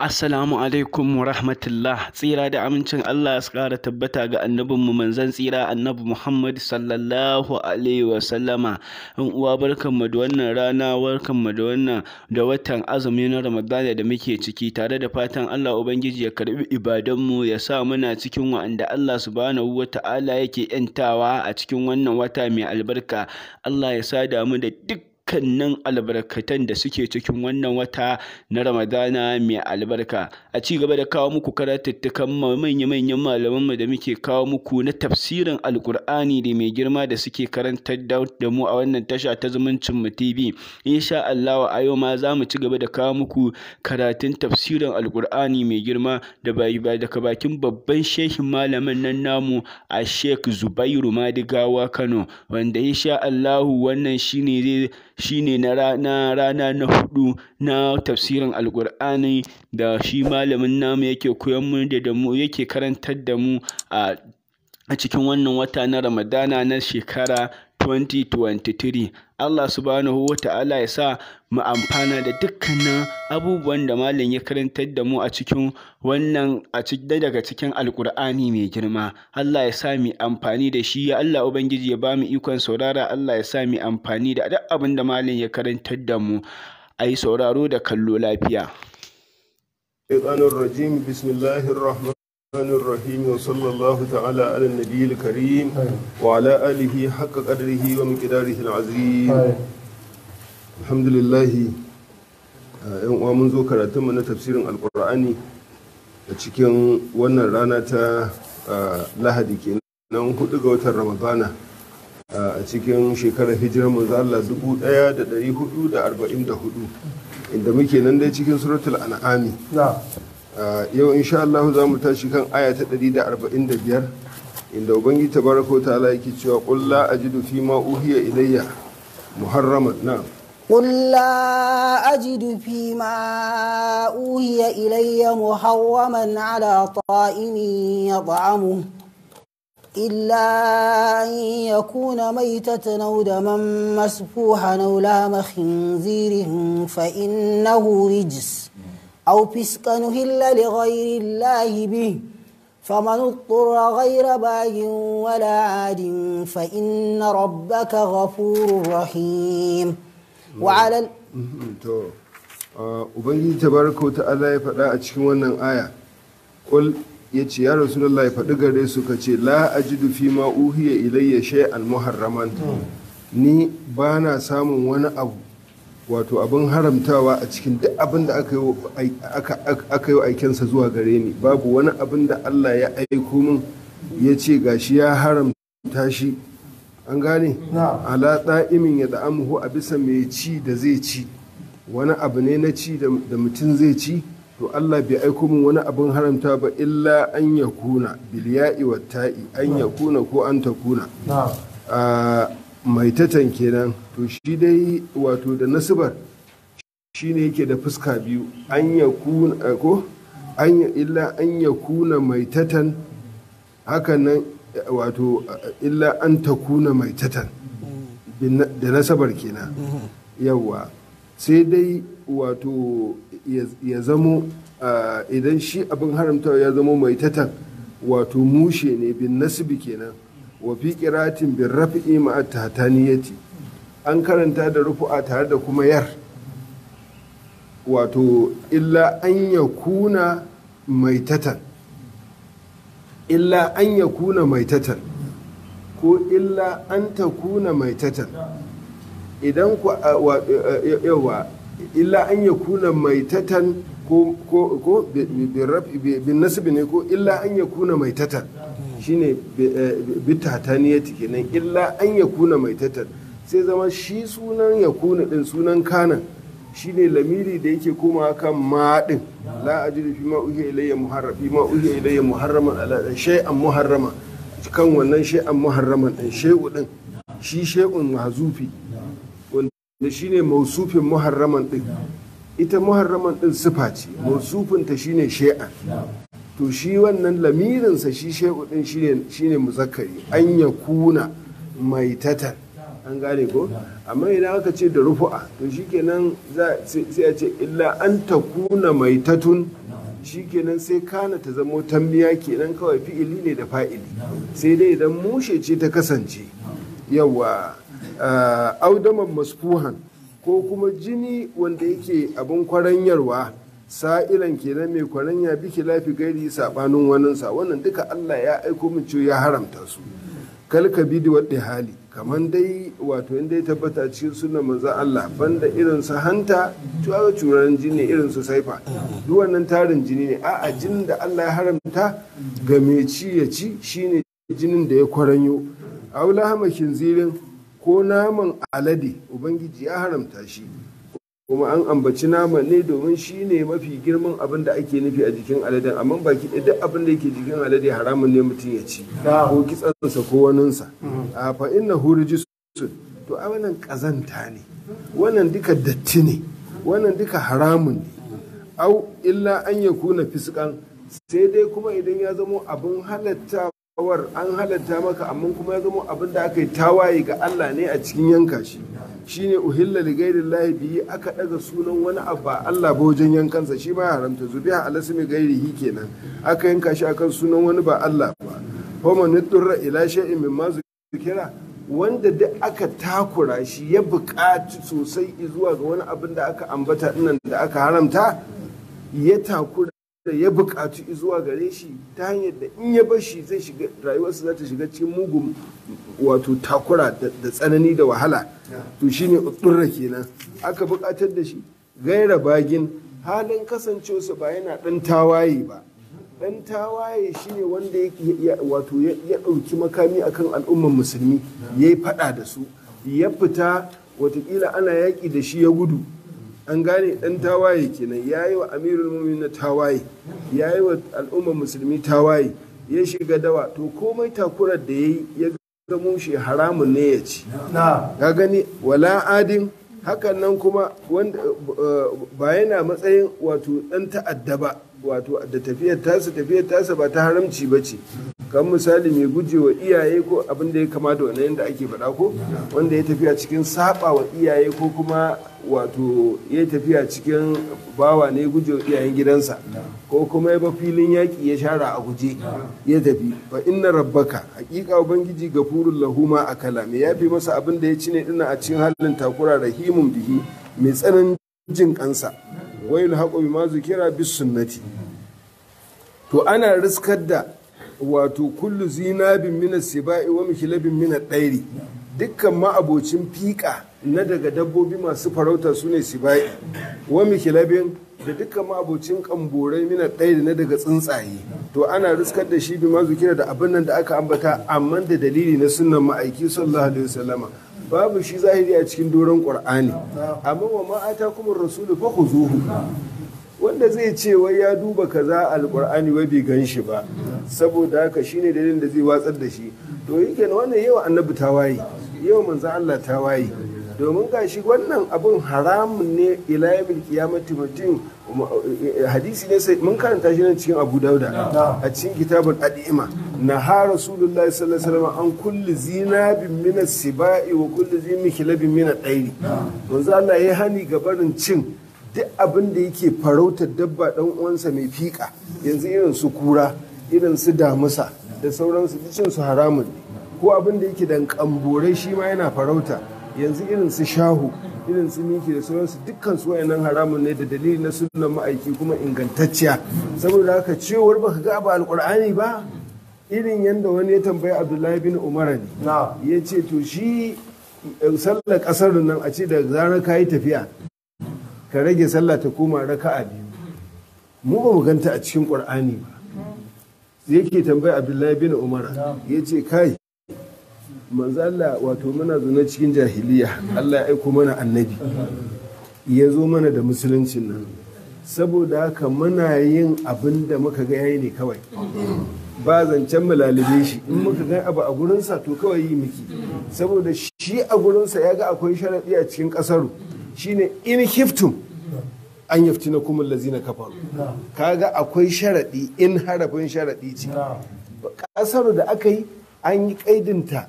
Assalamu alaikum wa rahmatullah tsira da amincin Allah su ƙara tabbata ga annabinmu manzan tsira annabi Muhammad sallallahu alaihi wa sallama in uwa mu da wannan rana mu da wannan da watan azumi na Ramadan da muke ciki tare da fatan Allah ubangiji ya karbi ibadanmu ya sa muna cikin wa'anda Allah subhanahu wa ta'ala yake yantawa a cikin wannan wata mai albarka Allah ya sada mu da duk dukkanin albarkatan da suke cikin wannan wata na Ramadana mai albarka. A ci gaba da kawo muku karatuttukan manya-manyan malamanmu da muke kawo muku na tafsirin al'kur'ani da mai girma da suke karantar da mu a wannan tasha ta zumuncin mu TV. Insha Allah a yau ma za mu ci gaba da kawo muku karatun tafsirin al'kur'ani mai girma da daga bakin babban shehin malamin nan namu a Sheikh Zubairu Madigawa Kano wanda insha Allahu wannan shine zai Shi ne na rana na hudu na tafsirin alkur'ani da shi malamin namu yake koyon mu da mu yake karantar da mu a cikin wannan wata na ramadana na shekara 2023 Allah subhanahu wa ta'ala ya sa mu amfana da dukkanin abubuwan da malam ya karanta da mu a cikin wannan a cikin daga cikin alkur'ani mai girma Allah ya sa mu amfani da shi ya Allah ubangiji ya ba mu ikon saurara Allah ya sa mu amfani da duk abin da malam ya karantar da mu ayi sauraro da kallo lafiya الشيطان rajim bismillahir rahmanir الرحمن الرحيم وصلى الله تعالى على النبي الكريم وعلى آله حق قدره ومقداره العظيم الحمد لله yan uwa mun zo karatunmu na tafsirin alkur'ani a cikin wannan rana ta eh, lahadi kenan hudu ga watan ramadana eh, a cikin shekarar hijirar manzo Allah 1444 inda muke nan dai cikin suratul an'ami Uh, yau insha Allah za mu tashi kan aya ta 145 inda ubangi tabaraka ta'ala yake cewa qul ajidu fi ma uhiya ilayya muharraman na'am قل لا أجد فيما أوهي إلي محرما على طائم يطعمه إلا أن يكون ميتة أو دما مسفوحا أو لام خنزير فإنه رجس أو فسقا أهل لغير الله به فمن اضطر غير باج ولا عاد فإن ربك غفور رحيم وعلى Ubangiji tabaraka wa ta'ala ya faɗa a cikin wannan aya, Kul ya ce, Ya Rasulallah ya faɗi gare su ka ce, la'a ji fi ma uhiya ilayya shay'an muharraman. Ni ba na samun wani abu wato abin haramtawa a cikin duk abin da aka yi aikensa zuwa gare ni babu wani abin da Allah ya aiko min ya ce gashi ya haramta shi an gane ala ɗa'imin ya da'amuhu a bisa mai ci da zai ci wani abu ne na ci da mutum zai ci to Allah bai aiko min wani abin haramta ba illa an ya kuna biliya'i wa an ya kuna ko an ta kuna mai tatan kenan to shi dai wato da nasibar shi ne yake da fuska biyu an ya kuna eh, ko an illa an ya kuna mai maitatan hakanan eh, wato eh, illa an ta kuna mai tatan da nasabar kenan yawa sai dai wato ya zamo idan shi abin haramtawa ya zamo mai tatan wato mushe ne bin nasibi kenan wa fi qira'atin bi raf'i ma'a ce. an karanta da rufu'a tare da kuma yar wato illa an ya mai maitatan illa an ya mai maitatan ko illa an ta mai maitatan idan ku e, e, e, yawa illa an ya kuna maitatan ko bin nasibi ne ko illa an ya kuna maitatan shine bitataniyati eh, kenan illa an ya kuna mai tattar sai zama shi sunan ya kuna din sunan kanan shine lamiri da yake koma kan ma din a jiri fi ma uhiya ilayya muharrama. fi ma uhiya ilayya muharraman ala shay'an muharrama kan wannan shay'an muharraman din shay'u din shi shay'un mazufi wanda shine mausufin muharraman din ita muharraman din sifa ce Mausufinta shi ne shay'an to shi wannan lamirinsa shi shehu din shine muzakkari an ya kuna mai tatan an gane ko amma idan aka ce da rufu'a to shikenan sai a ce illa an ta kuna mai tatun shikenan sai kana ta zamo tambiya kenan kawai fi'ili ne da fa'ili sai dai idan mushe ce ta kasance yawa eh, audaman maskuhan ko kuma jini wanda yake abin kwaranyarwa sa'ilan kenan mai kwaranya biki lafi gairi sabanin waninsa wannan duka Allah ya aiko mu cewa ya haramta su kal kabidi wa hali kaman dai wato inda ya tabbata cikin sunan manzo Allah banda irin su hanta tuwa curan jini irin su saifa duk wannan tarin jini ne a'a jinin da Allah ya haramta ga mai ci ya ci shine jinin da ya kwaranyo aula hamakin zirin ko naman alade ubangiji ya haramta shi kuma an ambaci nama ne domin shi ne mafi girman abin da ake nufi a jikin aladen amma baki ɗaya duk abin da yake jikin alade haramun ne mutum ya ci ko kitsansa ko waninsa mm-hmm. a fa inna hurji to a wannan kazanta ne wannan duka datti ne wannan duka haramun ne au illa an ya kuna fiskan sai dai kuma idan ya zamo abin halatta kawar an halatta maka amma kuma ya zama abin da aka yi tawaye ga Allah ne a cikin yanka shi shine uhilla li ghairi llahi aka daga sunan wani abba Allah ba wajen yankansa shi ma haramta zubiha alasmi ghairihi kenan aka yanka shi a kan sunan wani ba Allah ba homa tura ila shay'in mimma zikira wanda duk aka takura shi ya buƙaci sosai zuwa ga wani abin da aka ambata dinnan da aka haramta ya takura da ya buƙaci zuwa gare shi ta hanyar da in ya bar shi zai shiga rayuwarsa za ta shiga cikin mugun wato takura da tsanani da wahala to shine udurra kenan aka buƙatar da shi gaira bagin halin kasancewarsa ba yana ɗan tawaye ba ɗan tawaye shine wanda wato ya ɗauki makami akan al'ummar musulmi ya yi faɗa da su ya fita watakila ana yaki da shi ya gudu an gane dan tawaye kenan ya yi wa amirul mu'minin tawaye ya yi wa al'ummar musulmi tawaye ya shiga dawa to komai takurar da ya yi ya zamo shi haramun ne ya ci ga gani wala adin hakan nan kuma ba yana matsayin wato ɗan ta'adda ba wato da tafiyar tasa tafiyar tasa ba ta haramci ba ce kan misali mai gujewa iyaye ko abin da ya kamata wannan yadda ake faɗa ko wanda ya tafiya cikin saba wa iyaye ko kuma wato ya tafiya cikin bawa ne gujewa iyayen gidansa ko kuma ya ba filin yaƙi ya shara a guje ya tafi fa inna rabbaka hakika ubangiji furin lahuma a kala mai yafi masa abin da ya cine ne dina a cikin halin takura rahimun bihi mai tsananin jin kansa wayul haƙo ma zikira bi sunnati to ana riskar da wato kullu zinabin min siba'i wa min ad ɗairi dukkan ma'abocin fiƙa na daga dabbobi masu farauta su ne siba'i wa mikhlabin da dukkan ma'abocin kamborai ad ɗairi na daga tsuntsaye to ana riskar da shi bi ma zikira da abin nan da aka ambata amma da dalili na sunnan ma'aiki sallallahu alaihi wasallama babu shi zahiri a cikin doron kur'ani amma wa ma'ata kuma rasulu fa zuhu wanda zai ce wai ya duba kaza alƙur'ani wai bai gan shi ba saboda haka shi ne dalilin da zai watsar da shi to yake wannan yawa annabi waye yawa manzan Allah tawaye domin gashi wannan abun haramun ne ila kiyamati mutum eh, hadisi ne sai mun karanta shi nan cikin Abu Dauda a cikin kitabul na naha Rasulullahi sallallahu alaihi wasallam an kulli zinabin min sibai wa kulli zimihlabin min at-tayri manzo Allah ya hani gabarin cin duk abin da yake farautar dabba dan uwansa mai fiƙa yanzu irin su kura irin su damusa da sauransu cin su haramun ko abin da yake dan kambore shi ma yana farauta yanzu irin su shahu irin su miki da sauransu dukkan su wayannan haramun ne da dalili na sunan ma'aiki kuma ingantacciya saboda haka cewar baka ga ba alkur'ani ba irin yadda wani ya tambayi abdullahi bin umar ne ya ce to shi eh, sallar kasar nan a ce da zarar ka yi tafiya ka rage sallah ta koma raka'a biyu mu ba mu ganta a cikin qur'ani ba yake tambaya abdullahi bin umar ya ce kai manzala wato muna zaune cikin jahiliya Allah ya aiko mana annabi ya zo mana da musuluncin nan saboda haka muna yin abin da muka ga yayi ne kawai ba zancen mu lalube shi in muka ga abu a gurinsa to kawai yi miki saboda shi a gurinsa ya ga akwai sharaɗi a cikin ƙasaru shine in hiftum an yafti na kuma lazina kafaru kaga akwai sharaɗi in harafin sharaɗi ce ƙasaru da aka yi an yi ƙaidinta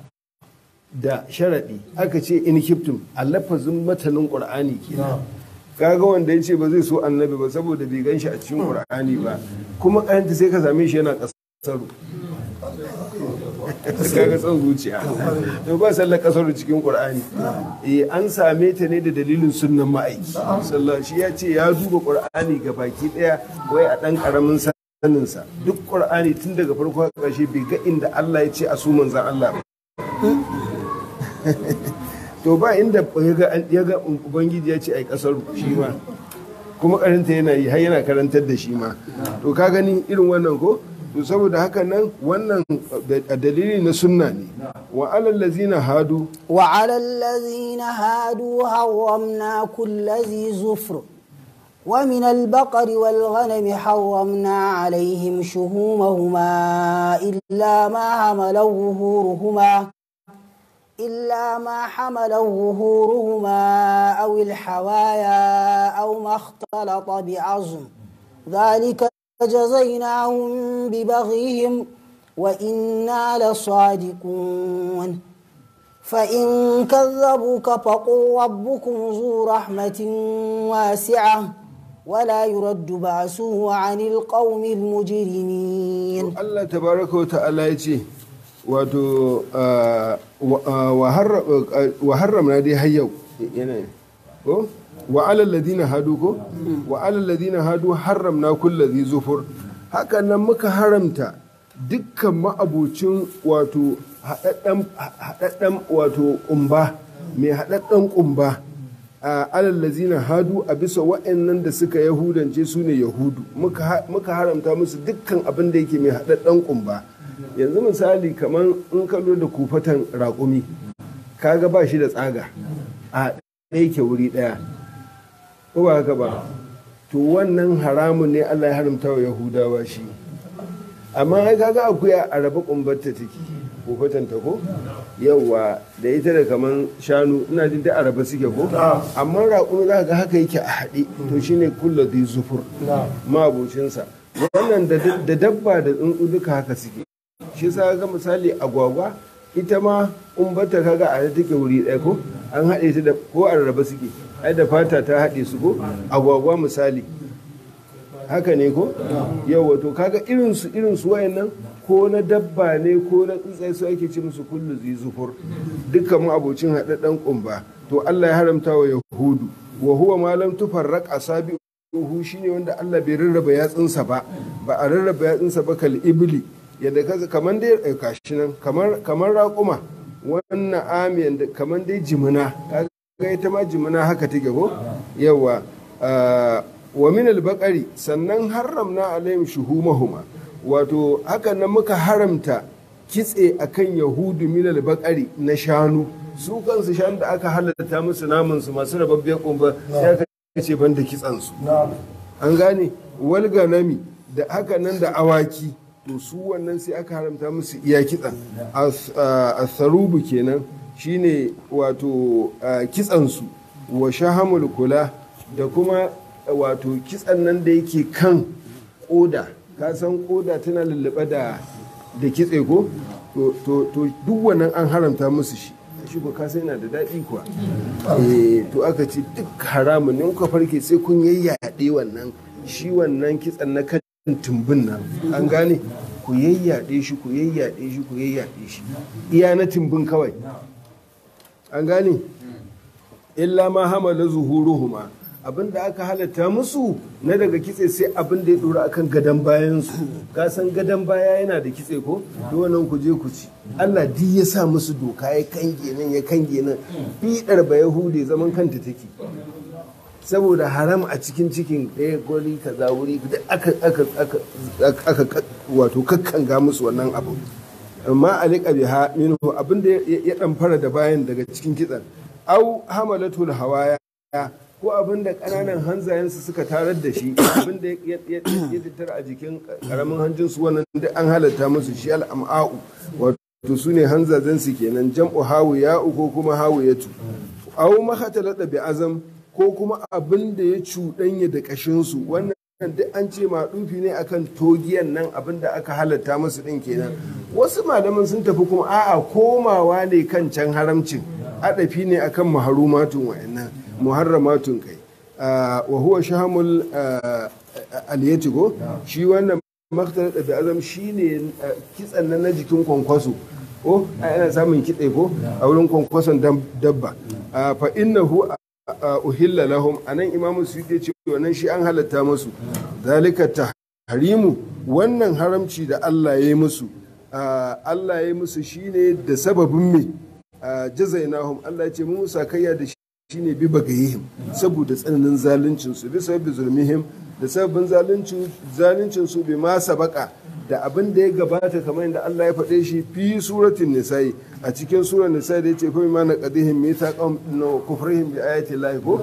da sharaɗi aka ce in kiftum a lafazin matanin ƙur'ani kenan kaga wanda ya ce ba zai so annabi ba saboda bai gan shi a cikin ƙur'ani ba kuma ƙaranta sai ka same shi yana ƙasaru kaga tsan zuciya to ba sallar ƙasaru cikin ƙur'ani eh an same ta ne da dalilin sunnan ma'aiki sallah shi ya ce ya duba ƙur'ani ga baki ɗaya wai a ɗan ƙaramin saninsa duk ƙur'ani tun daga farko har ƙarshe bai ga inda Allah ya ce a su manzan Allah ba eh? to ba inda ya ga ubangiji ya ce a kasar shi ma kuma karanta yana yi har yana karantar da shi ma to ka gani irin wannan ko to saboda haka nan wannan dalili na sunna ne wa alallazi na hadu wa alal ladzina hadu harramna kullazi zufr ومن البقر والغنم حرمنا عليهم شهومهما إلا ما حمله ظهورهما إلا ما حمله ظهورهما أو الحوايا أو ما اختلط بعظم ذلك جزيناهم ببغيهم وإنا لصادقون فإن كذبوك فقل ربكم ذو رحمة واسعة ولا يرد بأسه عن القوم المجرمين الله تبارك وتعالى يجي wato wa na dai har yau yana ko wa alalladi ladina hadu ko wa alalladi ladina hadu harramna zai zufur haka nan muka haramta dukkan ma'abucin wato haɗaɗɗen wato ƙumba mai haɗaɗɗen ƙumba a na hadu a bisa wa'annan da suka yahudance su ne yahudu muka haramta musu dukkan abin da yake mai haɗaɗɗen ƙumba yanzu misali kamar in kallo da kufatan raƙumi kaga ba shi da tsaga a ɗaya ke wuri ɗaya ko ba haka ba to wannan haramun ne Allah ya haramta wa yahudawa shi amma ai kaga akuya a rabu kumbarta take kufatan ta ko yawa da ita da kaman shanu ina jin da araba suke ko ah. amma raƙumi za ga haka yake a haɗe to shine kullu zufur ma abocinsa wannan da dabba da tsuntsu duka haka suke shi sa ga misali agwagwa ita ma in bata kaga a take wuri ɗaya ko an haɗe ta da ko a rarraba suke ai da fata ta haɗe su ko agwagwa misali haka ne ko yawa to kaga irin su irin su wayannan ko na dabba ne ko na tsuntsaye su ake ci musu kullu zizufur dukkan mu abocin haɗaɗɗen kumba to Allah ya haramta wa yahudu wa huwa malam tufarraq asabi shi shine wanda Allah bai rarraba yatsunsa ba ba a rarraba yatsunsa ba kal ibli yadda kaza eh, kamar dai kashi nan kamar raƙuma wannan ami yadda kamar dai jimina kaga ita ma jimina haka take ko yawa ah, wa min albaqari sannan haramna alaihim shuhumahuma wato haka nan muka haramta kitse akan yahudu min albaqari na shanu su kansu shanu da aka halatta musu namun su masu rababbiyar kumba sai aka ce banda kitsan su an gane wal ganami da haka nan da awaki to su wannan sai aka haramta musu iya kitsan asarubu uh, kenan shine wato uh, kitsansu wa shahamul kula da kuma uh, wato kitsan nan da yake kan koda ka san koda tana lullube da da kitse ko to duk wannan an haramta musu shi shi ko ka yana da daɗi kuwa eh, to aka ce duk haramun in ka farke sai kun yayyade wannan shi wannan kitsan na kan tumbin nan an gane ku yayyade shi ku yayyade shi ku yayyade shi iya na tumbin kawai an gane illa ma hamala zuhuruhuma abin da aka halatta musu na daga kitse sai abin da ya dora akan gadon bayan su ka gadon baya yana da kitse ko to wannan ku je ku ci Allah duk ya sa musu doka ya kange nan ya kange nan bidar ba yahude zaman kanta take saboda haram a cikin cikin ɗaya gori kaza wuri da aka wato kakkanga musu wannan abu amma alika biha minhu abinda ya dan fara da bayan daga cikin kitsan au hamalatul hawaya ko abinda kananan hanzayensu suka tarar da shi abinda ya tattara a jikin karamin hanjinsu wannan duk an halatta musu shi al'am'a'u wato su ne hanzazensu kenan jam'u hawu ya'u ko kuma hawu ya yatu au mahatalata bi azam ko kuma abin da ya cuɗanya da ƙashinsu wannan duk an ce ma maɗufi ne akan togiyan nan abin da aka halatta masu ɗin kenan wasu malaman sun tafi kuma a'a komawa ne kan can haramcin adafi ne akan maharumatun wa'annan muharramatun kai wa huwa shahamul aliyatigo shi wannan maktar da azam ne kitsan na jikin kwankwaso ko ana samun kitse ko a wurin kwankwason dabba fa innahu uhilla lahum anan imamu su yi ce wannan shi an halatta musu zalika Harimu, wannan haramci da Allah ya yi musu Allah ya yi musu shine da sababin me jazainahum Allah ya ce mu kayya da shine bi bagayihim saboda tsananin zaluncin su bi sababbi zulmihim da sababin zaluncin su bi ma sabaka da abin da ya gabata kamar yadda Allah ya faɗe shi fi suratin nisa'i a cikin surar nisa'i da yace fa ma na mai ta no kufrihim bi ayati llahi ko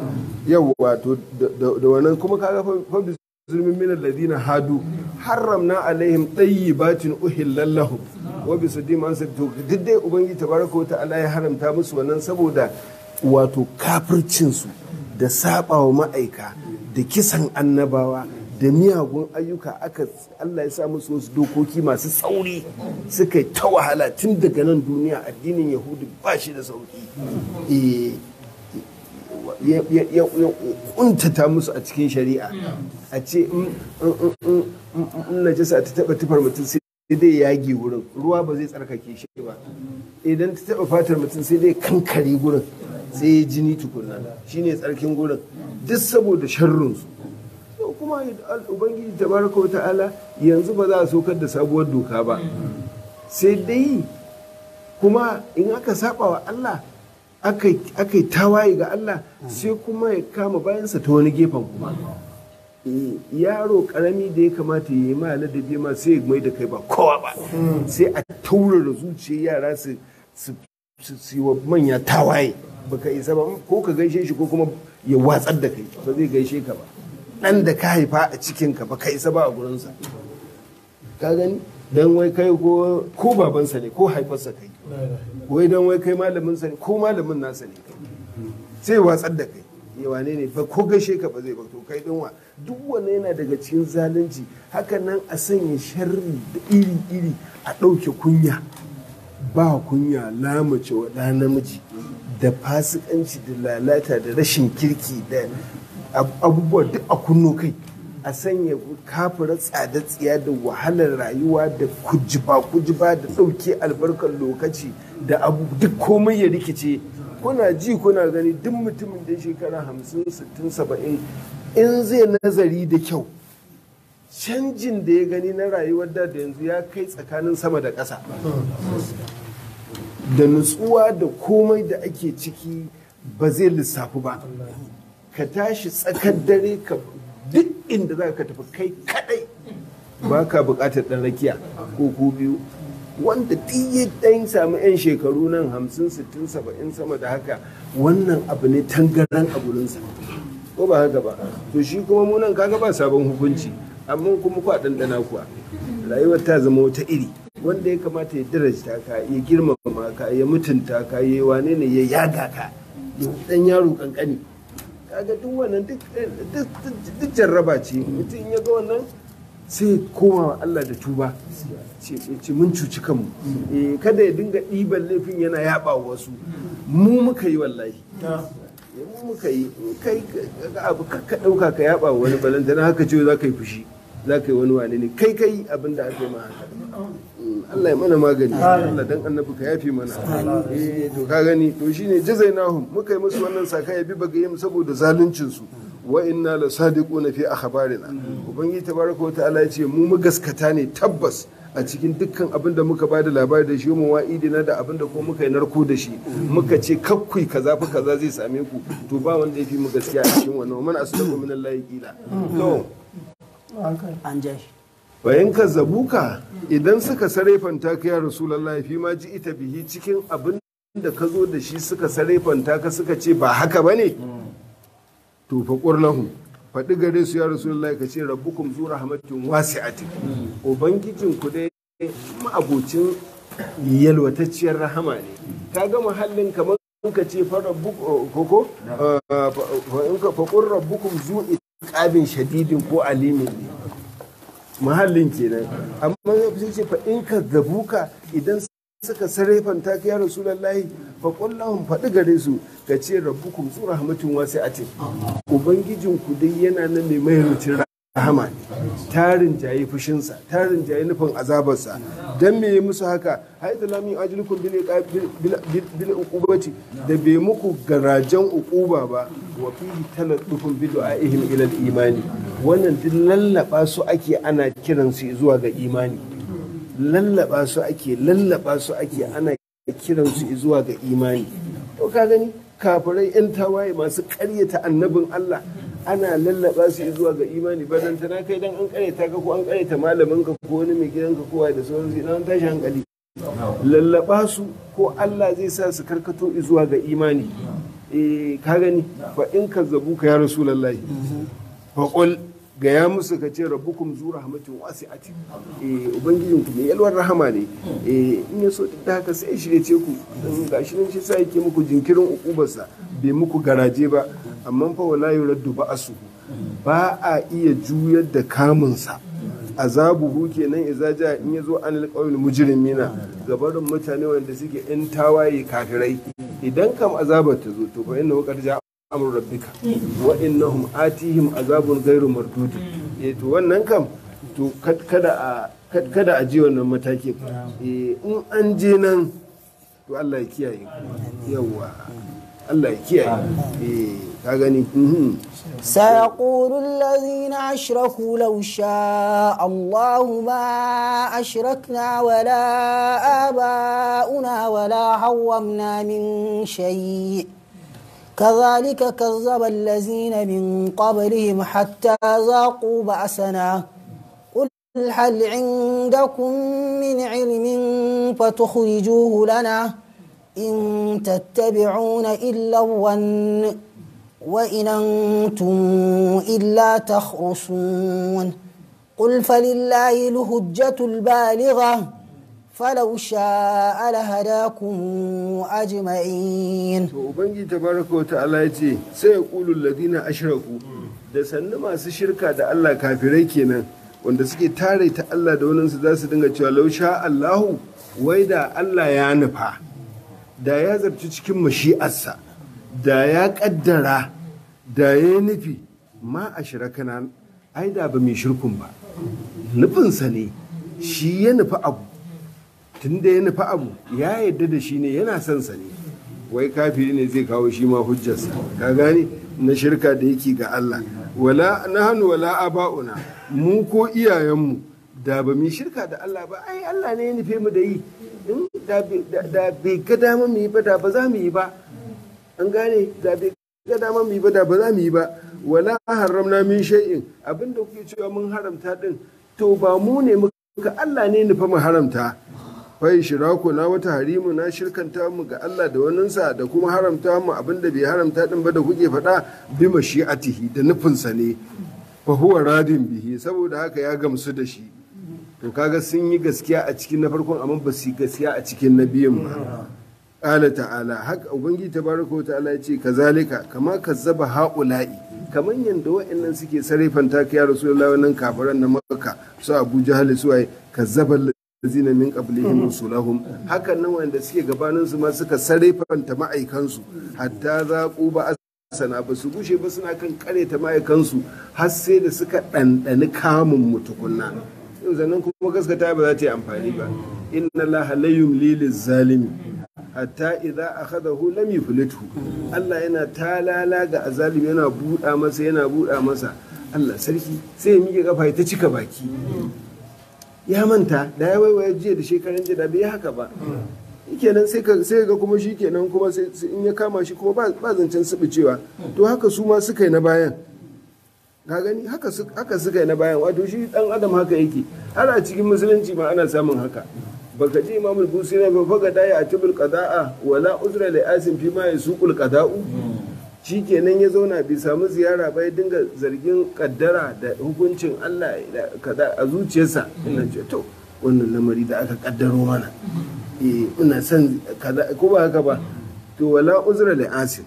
yawa wato da wannan kuma kaga ga fabi zulmin min ladina hadu harramna alaihim tayyibatin uhillal lahum wa bi sadim an sabto duk dai ubangiji tabaraka ta allah ya haramta musu wannan saboda wato kafircinsu da sabawa ma'aika da kisan annabawa da miyagun ayyuka aka Allah ya sa musu wasu dokoki masu tsauri suka yi ta wahala tun daga nan duniya addinin yahudu ba shi da sauki eh, eh, ya kuntata musu a cikin shari'a a ce in najasa ta taba tufar mutum sai dai yagi wurin ruwa ba zai tsarkake shi ba idan ta taba fatar mutum sai dai kankare gurin sai jini tukuna shine tsarkin gurin duk saboda sharrinsu kuma ubangiji ta wa ta'ala yanzu ba za a sokar da sabuwar doka ba sai dai kuma in aka saba wa Allah aka yi tawaye ga Allah sai kuma ya kama bayansa ta wani gefen kuma eh, yaro karami da ya kamata ya yi ma ladabi ma sai ya mai da kai ba kowa ba sai a taurara zuciya yara su su wa manya tawaye baka isa ba ko ka gaishe shi ko kuma ya watsar da kai ba zai gaishe ka ba ɗan da ka haifa a cikinka ba ka isa ba a gurinsa ka gani dan wai kai ko ko babansa ne ko haifarsa kai wai dan wai kai malamin sa ne ko malamin nasa ne sai watsar da kai ya eh, wane ne ba ko gashe ka ba zai ba to kai din wa duk wanne yana daga cikin zalunci hakanan nan a sanya sharri da iri iri a ɗauke kunya ba kunya lamace wa ɗa namiji da fasikanci da lalata da rashin kirki da abubuwa duk a kunno kai a sanya kafirar tsada tsiya da wahalar rayuwa da kujiba kujiba da ɗauke albarkar lokaci da duk komai ya rikice kuna ji kuna gani duk mutumin da shekara hamsin sittin saba'in in zai nazari da kyau canjin da ya gani na rayuwar da yanzu ya kai tsakanin sama da ƙasa da nutsuwa da komai da ake ciki ba zai lissafi ba ka tashi tsakar dare ka duk inda za ka tafi kai kadai ba ka buƙatar ɗan rakiya ko ku biyu wanda ya ɗan samu 'yan shekaru nan hamsin sittin saba'in sama da haka wannan abu ne tangaran a gurinsa ko ba haka ba to shi kuma munan kaga ba sabon hukunci amma kuma kwa ɗanɗana kuwa rayuwar ta zama wata iri wanda ya kamata ya darajta ka ya girmama ka ya mutunta ka ya wane ne ya yaga ka dan yaro kankani kaga duk wannan duk jarraba ce mutum ya ga wannan sai koma Allah da tuba ce mun cuci kanmu eh, kada ya dinga ɗiban laifin yana yaba wasu mu muka yi wallahi eh, mu muka yi kai abu ka ɗauka ka yaba wani balanta na haka ce za ka yi fushi za ka yi wani wane ne kai kai abin da aka yi ma haka Allah ya mana magani Allah dan annabi ka yafi mana eh to ka gani to shine jazainahum muka yi musu wannan saka ya bi bagayin saboda zaluncin su wa inna la sadiquna fi akhbarina ubangiji tabaraka wa ta'ala yace mu mu gaskata ne tabbas a cikin dukkan abin da muka bada labari da shi mu wa'idina da abin da ko muka yi narko da shi muka ce kakkui kaza fa kaza zai same ku to ba wanda ya fi mu gaskiya a cikin wannan man asdaqu min allahi qila hmm. to an wayan ka zabuka idan suka sarefanta ka ya rasulallah fi ma ji ita bihi cikin abin da ka zo da shi suka sarefanta ka suka ce ba haka ba ne to fa faɗi gare su ya rasulallah ka ce rabbukum zu rahmatin wasi'atin ubangijin ku dai ma'abocin yalwatacciyar rahama ne ka ga muhallin kamar ka ce fa rabbukum koko fa in rabbukum zu iqabin shadidin ko alimin ne muhallin kenan amma fi ce fa in ka zabuka idan suka ta ka ya rasulullahi fa qul faɗi gare su ka ce rabbukum hamatin wasu a ubangijin ku dai yana nan mai mai ra rahama ne tarin jayi fushinsa tarin jayi nufin azabarsa dan me musu haka haita lamin ajlukum bil bil ukubati da bai muku garajen ukuba ba wa fi taladukum bidu a ila imani wannan duk lallaba su ake ana kiran su zuwa ga imani lallaba su ake lallaba su ake ana kiran su zuwa ga imani ka gani kafirai yan tawaye masu karyata annabin Allah ana lallaba su zuwa ga imani badan tana kai dan an kareta ka ko an kareta malamin ka ko wani mai gidanka kowa da sauran idan an tashi hankali lallaba su ko Allah zai sa su karkato zuwa ga imani eh ka gani fa in ka zabu ka ya rasulullahi fa qul ga ya musu ka ce rabbukum zu rahmatin wasi'ati eh ubangijin ku mai yalwar rahama ne eh in ya so ta haka sai shirya ce ku gashi nan shi sa yake muku jinkirin ukubarsa bai muku garaje ba amma fa wala yuraddu ba'su ba a iya juyar da kamunsa azabuhu kenan idza ja in yazo an qawil mujrimina gabarin mutane wanda suke in tawaye kafirai idan kam azabar ta zo to fa inna waqad ja amru rabbika wa innahum atihim azabun ghairu mardud mm. eh to wannan kam to kada a kada a ji wannan matakin eh in an je nan to Allah ya kiyaye yawa Allah ya kiyaye eh ka gani sayaƙuru lalzi na ashiraku lausha allahu ma na wala aba'una wala hawamna min shayi كذلك كذب الذين من قبلهم حتى ذاقوا بأسنا قل هل عندكم من علم فتخرجوه hulana إن تتبعون إلا الظن وإن أنتم إلا تخرصون قل فلله الهجة البالغة فلو شاء لهداكم أجمعين وبنجي تبارك وتعالى سيقول الذين أشركوا da sannu masu shirka da Allah kafirai kenan wanda suke tare ta Allah da waninsu za su dinga cewa lausha Allahu wai da Allah ya nufa da ya zarci cikin mashi'arsa da ya kaddara da ya nufi ma a na ai da ba mai shirkun ba nufinsa ne shi ya nufi abu tun da ya nufi abu ya yadda da shi ne yana son sa ne wai kafiri ne zai kawo shi ma hujjarsa ka gane na shirka da yake ga Allah wala na hannu wala aba'una mu ko iyayenmu da ba mu shirka da Allah ba ai Allah ne ya nufe mu da yi da bai ga dama mu yi ba da ba za mu yi ba an gane da bai ga dama mu yi ba da ba za mu yi ba wala haramna min shay'in abinda kuke cewa mun haramta din to ba mu ne muka Allah ne nufa mu haramta fai shiraku na wata harimu na shirkanta mu ga Allah da waninsa da kuma haramta mu abinda bai haramta din ba da kuke faɗa bi mashi'atihi da nufinsa ne fa huwa radin bihi saboda haka ya gamsu da shi to kaga sun yi gaskiya a cikin na farkon amma ba su yi gaskiya a cikin na biyun ba ƙala ta'ala haka ubangiji ta wa ta'ala ya ce kazalika kama kazzaba haƙulai kamar yadda wa'annan suke sarrafanta ka ya rasulullahi wannan kafiran na makka su abu jahali su ai kazzaba lazina min qablihim hmm. rusulahum hakan nan wanda suke gabanin su ma suka ma'aikansu hatta zaqu ba sana ba su gushe ba suna kan ta ma'aikansu har sai da suka ɗanɗani kamun mutukunna sannan kuma gaskata ba za ta yi amfani ba inna laha la zalimi hatta idza akhadahu lam yuflithu Allah yana talala ga azalim yana buɗa masa yana buɗa masa Allah sarki sai ya miƙe kafa ta cika baki ya manta da ya waiwaye jiya da shekaran jiya da bai haka ba kenan sai ka sai ga kuma shi kenan kuma sai in ya kama shi kuma ba zancen cewa to haka su ma suka yi na bayan ka gani haka suka yi na bayan wato shi dan adam haka yake har a cikin musulunci ma ana samun haka baka ji imamul busiri ba faga da ya atibul qada'a wala uzra li asim fi ma yasuqul qada'u shikenan ya zauna bai samu ziyara ba ya dinga zargin kaddara da hukuncin Allah kada a zuciyarsa ina ce to wannan lamari da aka kaddaro mana eh ina san kaza ko ba haka ba to wala uzra li asim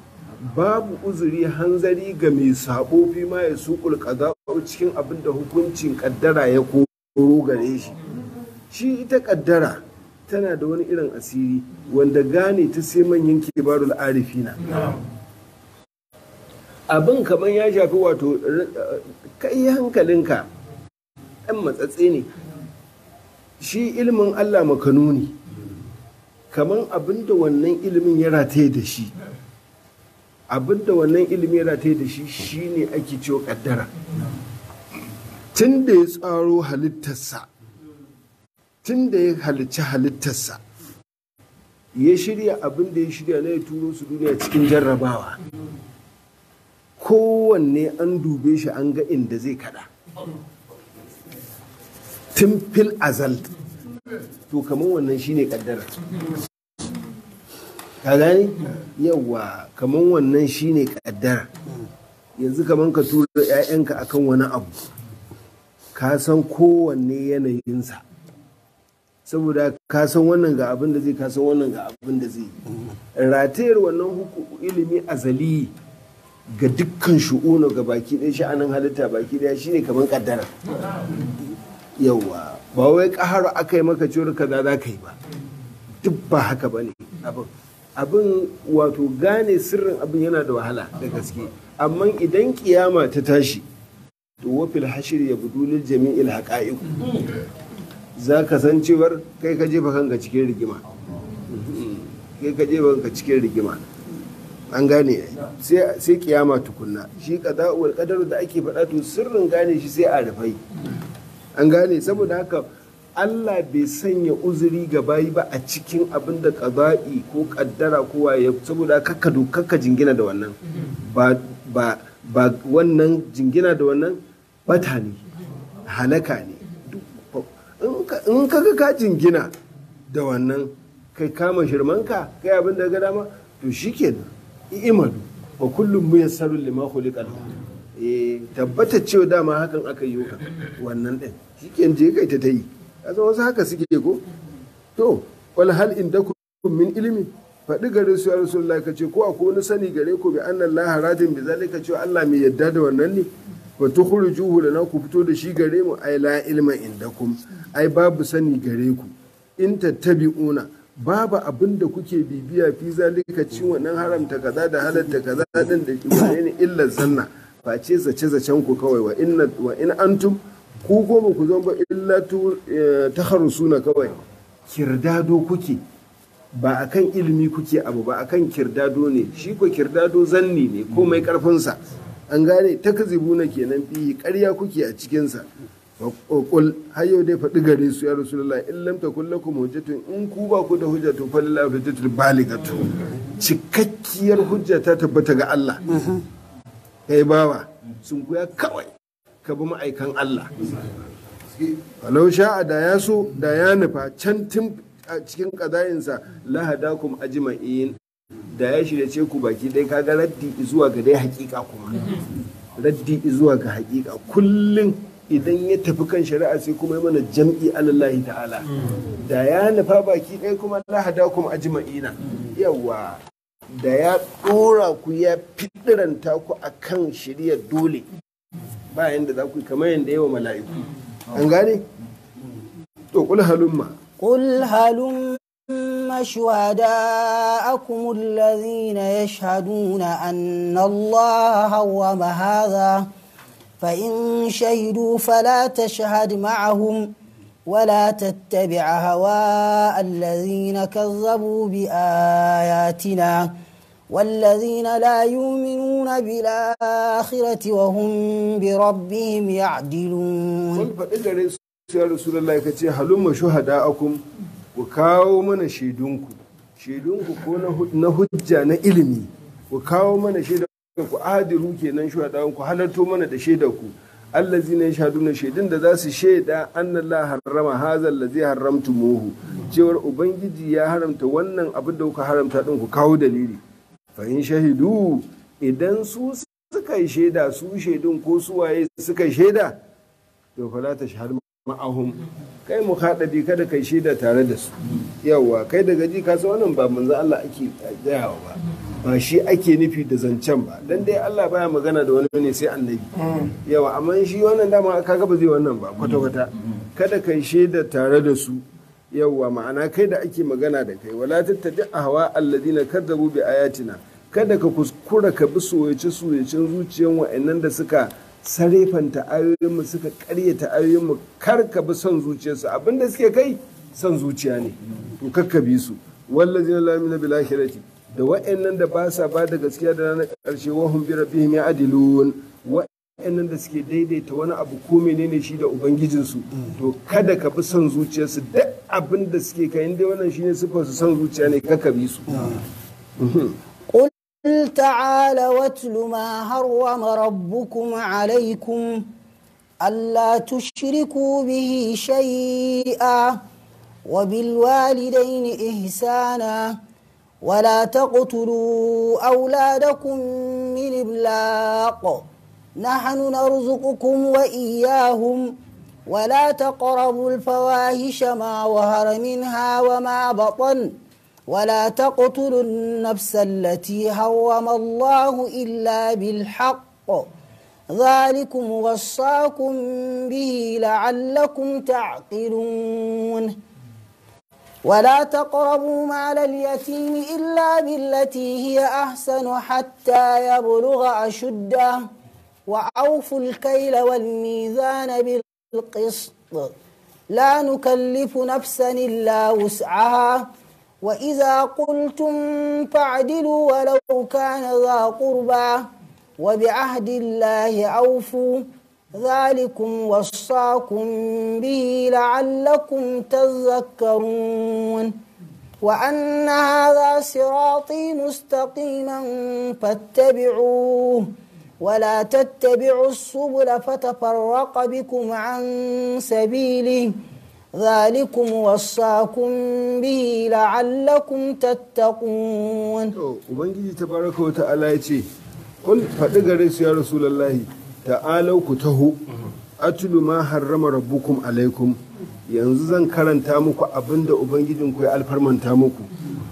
babu uzuri hanzari ga mai sabo fi ma yasuqul qada'u cikin abin da hukuncin kaddara ya koro gare shi shi ita kaddara tana da wani irin asiri wanda gane ta sai manyan kibarul arifina abin kamar ya shafi wato kai hankalinka ɗan matsatse ne shi ilimin allah makanuni kamar abin da wannan ilimin ya rataye da shi abin wannan ilimin ya rataye da shi shine ake ciwo kaddara tun da ya tsaro halittarsa tun da ya halicci halittarsa ya shirya abin da ya shirya na ya turo su duniya cikin jarrabawa kowanne an dube shi an ga inda zai kada tun fil azal to kamar wannan shine kaddara ka gani yawa kamar wannan shine kaddara yanzu kamar ka tura 'ya'yanka akan wani abu ka san kowanne yanayinsa saboda ka san wannan ga abin da zai ka san wannan ga abin da zai ratayar wannan ilimi azali ga dukkan shu'una ga baki ɗaya sha'anin halitta baki ɗaya shine kamar kaddara yawa ba wai ƙahar aka yi maka ciwar kaza za ka yi ba duk ba haka ba ne abin abin wato gane sirrin abin yana da wahala da gaske amma idan kiyama ta tashi to wafil hashir ya budulil jami'il haqa'iq za ka san cewar kai ka jefa kanka cikin rigima kai ka jefa kanka cikin rigima an gane sai kiyama tukunna shi qada'ul qadar da ake faɗa to sirrin gane shi sai a rufai an gane saboda haka Allah bai sanya uzuri ga bayi ba a cikin abin da qada'i ko kaddara ko waye saboda kakka kakka jingina da wannan ba ba ba wannan jingina da wannan bata ne halaka ne in ka ga ka jingina da wannan kai kama shirmanka kai abin da ga dama to shikenan i'imadu wa kullum muyassarun lima khuliqa eh, tabbata cewa dama hakan aka yi wa wannan din ke je kai ta tayi kaza wasu haka suke ko to wal hal indakum min ilmi faɗi gare su ya rasulullahi ka ce ko akwai wani sani gare ku bi annan laha radin bi zalika cewa Allah mai yadda da wannan ne wa da lana ku fito da shi gare mu ai la ilma indakum ai babu sani gare ku in tattabi'una babu abin da kuke bibiya fi zalika cin wannan haramta kaza da halatta kaza din da ne illa zanna ce zace zacen ku kawai wa inna wa in antum ku ko ba ku ba illa eh, takharusuna kawai kirdado kuke ba akan ilimi kuke abu ba akan kirdado ne shi ko kirdado zanni ne komai karfinsa an gane na kenan fi karya kuke a cikinsa qul har yau dai faɗi gare su ya rasulullah in lam takul lakum hujjatun in ku ba ku da hujjatun fa lillahi hujjatul baligatu cikakkiyar hujja ta tabbata ga Allah kai bawa sun kuya kawai ka bi ma'aikan Allah falau sha'a da ya so da ya nufa can tun a cikin ƙazayinsa lahadakum ajma'in da ya shirya ku baki ɗaya kaga raddi zuwa ga dai hakika kuma raddi zuwa ga hakika kullum idan ya tafi kan shari'a sai kuma mana jam'i alallahi ta'ala da ya nufa baki ɗaya kuma lahada kuma a jimaina yawa da ya ɗora ku ya fiɗiranta ku a kan shirya dole ba yadda za ku kamar yadda yawa mala'iku an gane to kul halumma kul halumma ثم شهداءكم الذين يشهدون أن الله حرم هذا فإن شهدوا فلا تشهد معهم ولا تتبع هواء الذين كذبوا بآياتنا والذين لا يؤمنون بالآخرة وهم بربهم يعدلون قل فإذا يا رسول الله كتير هلم شهداءكم ku kawo mana shaidunku shaidunku ko na hujja na ilimi ku kawo mana shaidunku ku adiru kenan shuhadawan ku halarto mana da allah allazi ne na shaidun da za su shaida annallaha harrama hazal haramtu mohu cewar ubangiji ya haramta wannan abin da kuka haramta din ku kawo dalili fa in shahidu idan su suka shaida su shaidun ko su waye suka shaida to fala tashhad ma'ahum kai mu kaɗabi kada kai da tare da su yawwa kai gaji ka san wannan ba manzo Allah ake tsayawa ba ba shi ake nufi da zancen ba dan dai Allah baya magana da wani ne sai annabi yawa amma shi wannan dama kaga ba zai wannan ba kwata kwata kada kai da tare da su yawwa ma'ana kai da ake magana da kai wala tattabi ahwa alladina kadzabu bi ayatina kada ka kuskura ka bi soyace soyacen zuciyan wa'annan da suka sarifanta ayoyinmu suka karyata ayoyinmu karka bi son zuciyarsu abinda suke kai son zuciya ne to kakka bi su wallazina zina Lamina bil akhirati da wa'annan da ba sa ba da gaskiya da ranar karshe wahum bi rabbihim ya'dilun wa'annan da suke daidaita wani abu ko menene shi da ubangijinsu to kada ka bi son zuciyarsu da abinda suke kai inda wannan shine sifar su son zuciya ne kakka bi su قل تعال واتل ما حرم ربكم عليكم ألا تشركوا به شيئا وبالوالدين إحسانا ولا تقتلوا أولادكم من إبلاق نحن نرزقكم وإياهم ولا تقربوا الفواهش ما ظهر منها وما بطن ولا تقتلوا النفس التي هوم الله إلا بالحق ذلكم وصاكم به لعلكم تعقلون ولا تقربوا مال اليتيم إلا بالتي هي أحسن حتى يبلغ أشده وأوفوا الكيل والميزان بالقسط لا نكلف نفسا إلا وسعها وإذا قلتم فاعدلوا ولو كان ذا قربى وبعهد الله أوفوا ذلكم وصاكم به لعلكم تذكرون وأن هذا صراطي مستقيما فاتبعوه ولا تتبعوا السبل فتفرق بكم عن سبيله ذلكم وصاكم به لعلكم تتقون وبنجي تبارك وتعالى يتي قل yace kun faɗi gare ya rasulullahi ta'alau ku taho atulu alaikum yanzu zan karanta muku abinda ubangijinku ya alfarmanta muku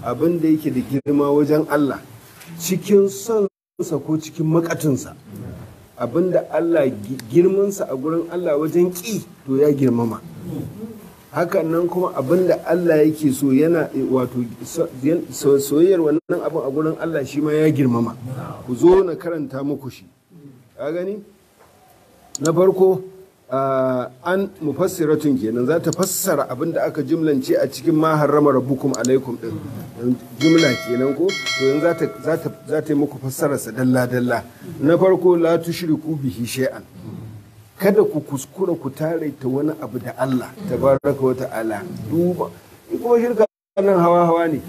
abinda yake da girma wajen Allah cikin sonsa ko cikin makatinsa abinda Allah girmansa a gurin Allah wajen ƙi to ya girmama hakan nan kuma abin da Allah yake so yana wato soyayyar wannan abin a gurin Allah shi ma ya girmama ku zo na karanta muku shi ka gani na farko an mufassiratun kenan za ta fassara abin da aka jimlance a cikin ma harrama rabbukum alaikum din jimla kenan ko to yanzu za ta yi muku fassararsa dalla dalla na farko la tushriku bihi shay'an kada ku kuskura ku taraita wani abu da Allah ta baraka wa ta'ala duba kuma shirka nan hawa hawa ne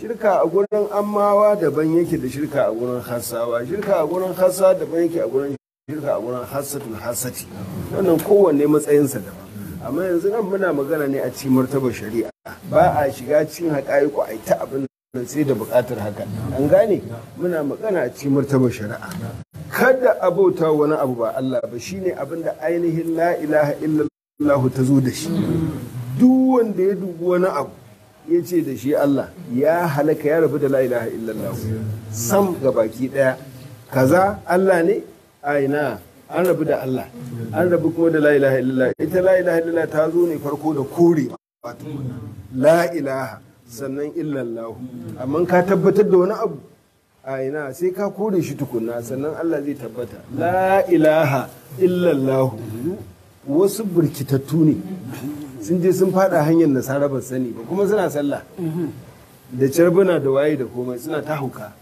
shirka a gurin ammawa daban yake da shirka a gurin hassawa shirka a gurin hassa daban yake a gurin shirka a gurin hassatul hassati wannan kowanne matsayinsa daban amma yanzu nan muna magana ne a cikin martaba shari'a ba a shiga cikin haƙa'iku a ta abin sai da buƙatar haka an gane muna magana a cikin martabar shari'a kada abota wani abu ba Allah ba shine abin da ainihin la ilaha illallah ta zo da shi duk wanda ya dubi wani abu ya ce da shi Allah ya halaka ya rabu da la ilaha illallah sam ga baki daya kaza Allah ne aina an rabu da Allah an rabu kuma da la ilaha illallah ita la ilaha illallah ta zo ne farko da kore la ilaha sannan illallahu amma ka tabbatar da wani abu a ina sai ka kore shi tukunna sannan Allah zai tabbata la ilaha illallah wasu burkitattu ne sun je sun fada hanyar nasara ba sani ba kuma suna sallah da carbuna da waye da komai suna ta hauka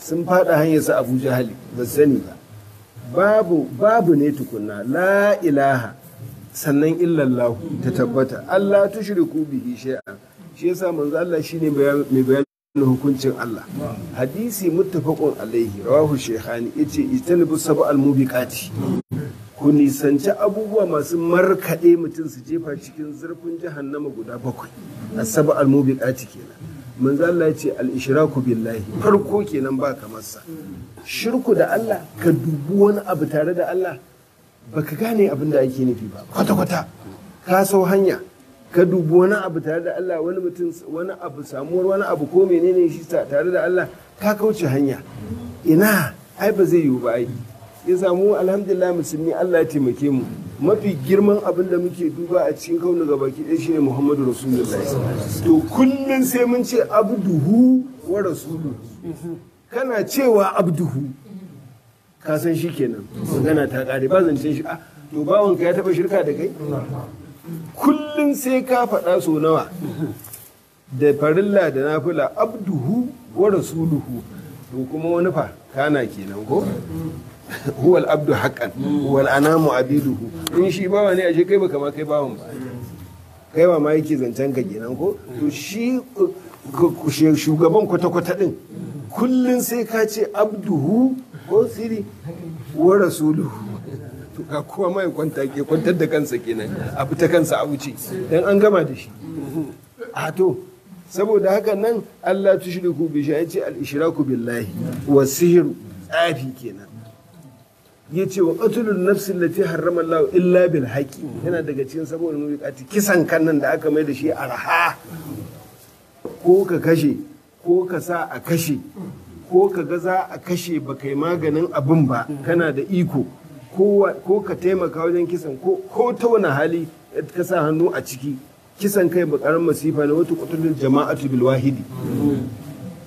sun fada hanyar su Abu Jahali ba sani ba babu babu ne tukunna la ilaha sannan illallah ta tabbata Allah tushriku bihi shay'an shi yasa manzo Allah shine mai bayanin hukuncin Allah hadisi muttafaqun alaihi rawahu shaykhani yace ijtanibu saba mubiqati ku nisanci abubuwa masu markaɗe mutum su jefa cikin zurfin jahannama guda bakwai asaba almubiqati kenan manzo Allah ya ce al-ishraku billahi farko kenan ba kamar sa shirku da Allah ka dubi wani abu tare da Allah baka gane abin da ake nufi ba kwata kwata ka sau hanya ka dubi wani abu tare da Allah wani mutum wani abu samuwar wani abu ko menene shi tare da Allah ka kauce hanya ina ai ba zai yiwu ba ai ya samu alhamdulillah musulmi Allah ya taimake mu mafi girman abin da muke duba a cikin kaunu ga baki ɗaya shine Muhammadu Rasulullahi to kullun sai mun ce abduhu wa rasulu kana cewa abduhu ka san kenan magana ta kare ba zancen shi a ah, to bawon ka ya taba shirka da kai kullum sai ka faɗa so nawa da farilla da nafila abduhu wa rasuluhu to kuma wani fa kana kenan ko huwal abdu haqqan huwal anamu abiduhu in shi bawa ne ashe kai baka ma kai bawan ba kai ba ma yake zancen ka kenan ko to shi eh, shugaban kwata-kwata din kullum sai ka ce abduhu ko siri wa rasuluhu ga kowa mai kwanta ke kwantar da kansa kenan a fita kansa a wuce dan an gama da shi a to saboda haka nan Allah tushriku bi ce yace al ishraku billahi wa sihru tsafi kenan yace wa qatlun nafsin lati harrama Allah illa bil haqi yana daga cikin saboda mubiqati kisan kan nan da aka mai da shi arha ko ka kashe ko ka sa a kashe ko ka ga za a kashe ba kai maganin abin ba kana da iko ko ka taimaka wajen kisan ko ta wani hali ka sa hannu a ciki kisan kai ba masifa ne wata kutulun jama'atu bil wahidi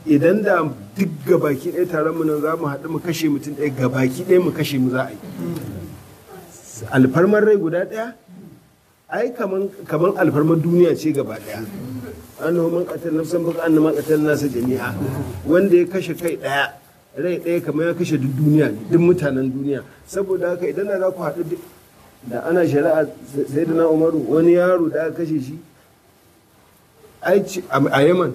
idan da duk gabaki ɗaya taron mu nan za mu haɗu mu kashe mutum ɗaya gabaki ɗaya mu kashe mu za a yi alfarmar rai guda ɗaya ai kamar alfarmar duniya ce gaba ɗaya hau man ƙatar nafsan na annama ƙatar nasa jami'a wanda ya kashe kai ɗaya rai ɗaya kamar ya kashe duk duniya duk mutanen duniya saboda haka idan da za ku haɗu da ana shari'a sai da na umaru wani yaro da aka kashe shi a yaman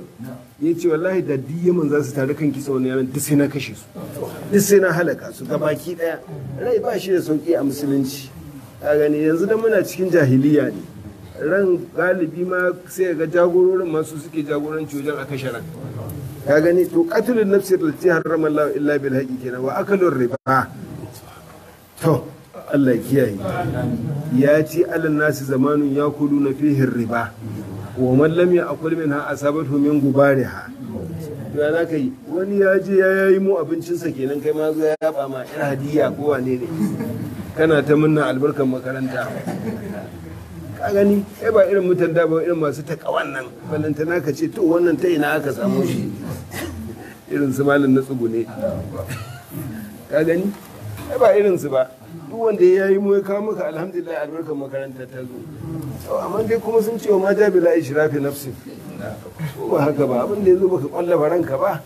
ya ce wallahi da duk yaman za su taru kan kisa wani yaran duk sai na kashe su duk sai na halaka su ga baki ɗaya rai ba shi da sauƙi a musulunci a gani yanzu da muna cikin jahiliya ne ran galibi ma sai ga jagororin masu suke jagoranci wajen a kashe ran ka gani to katilin nafsi allati harrama Allah illa bil haqqi kenan wa akalur riba to Allah ya kiyaye ya ci alal nasi zamanun na fihi riba wa man lam ya'kul minha asabathu min gubariha to ya zaka wani ya je ya yayi mu abincinsa kenan kai ma zo ya yaba ma yan hadiya ko wane ne kana ta munna albarkar makaranta ka gani ba irin mutan da ba irin masu takawan nan balantana ka ce to wannan ta ina aka samu shi irin su malam na tsugu ka gani ya ba irin su ba duk wanda ya yi mu ka kawo maka alhamdulillah albarkar makaranta ta zo to amma dai kuma sun ce wa mata bila ishrafi nafsi ko ba haka ba abin da ya zo baka kwallafa ranka ba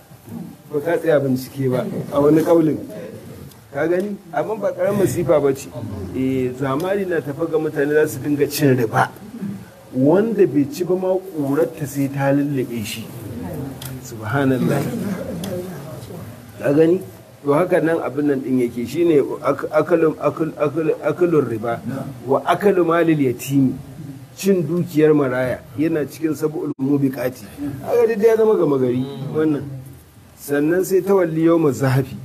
ba ka tsaya bincike ba a wani kaulin ka gani abin ba karamin masifa ba ce eh, zamani na tafa ga mutane za su dinga cin riba wanda bai ci ba ma ƙurarta sai ta lullube shi subhanallah ka gani to haka nan abin nan din yake shine akalun akalun riba wa akalu malil yatimi cin dukiyar maraya yana cikin sabu'ul mubiqati ga dai ya zama gama gari wannan sannan sai ta tawalli ma zahafi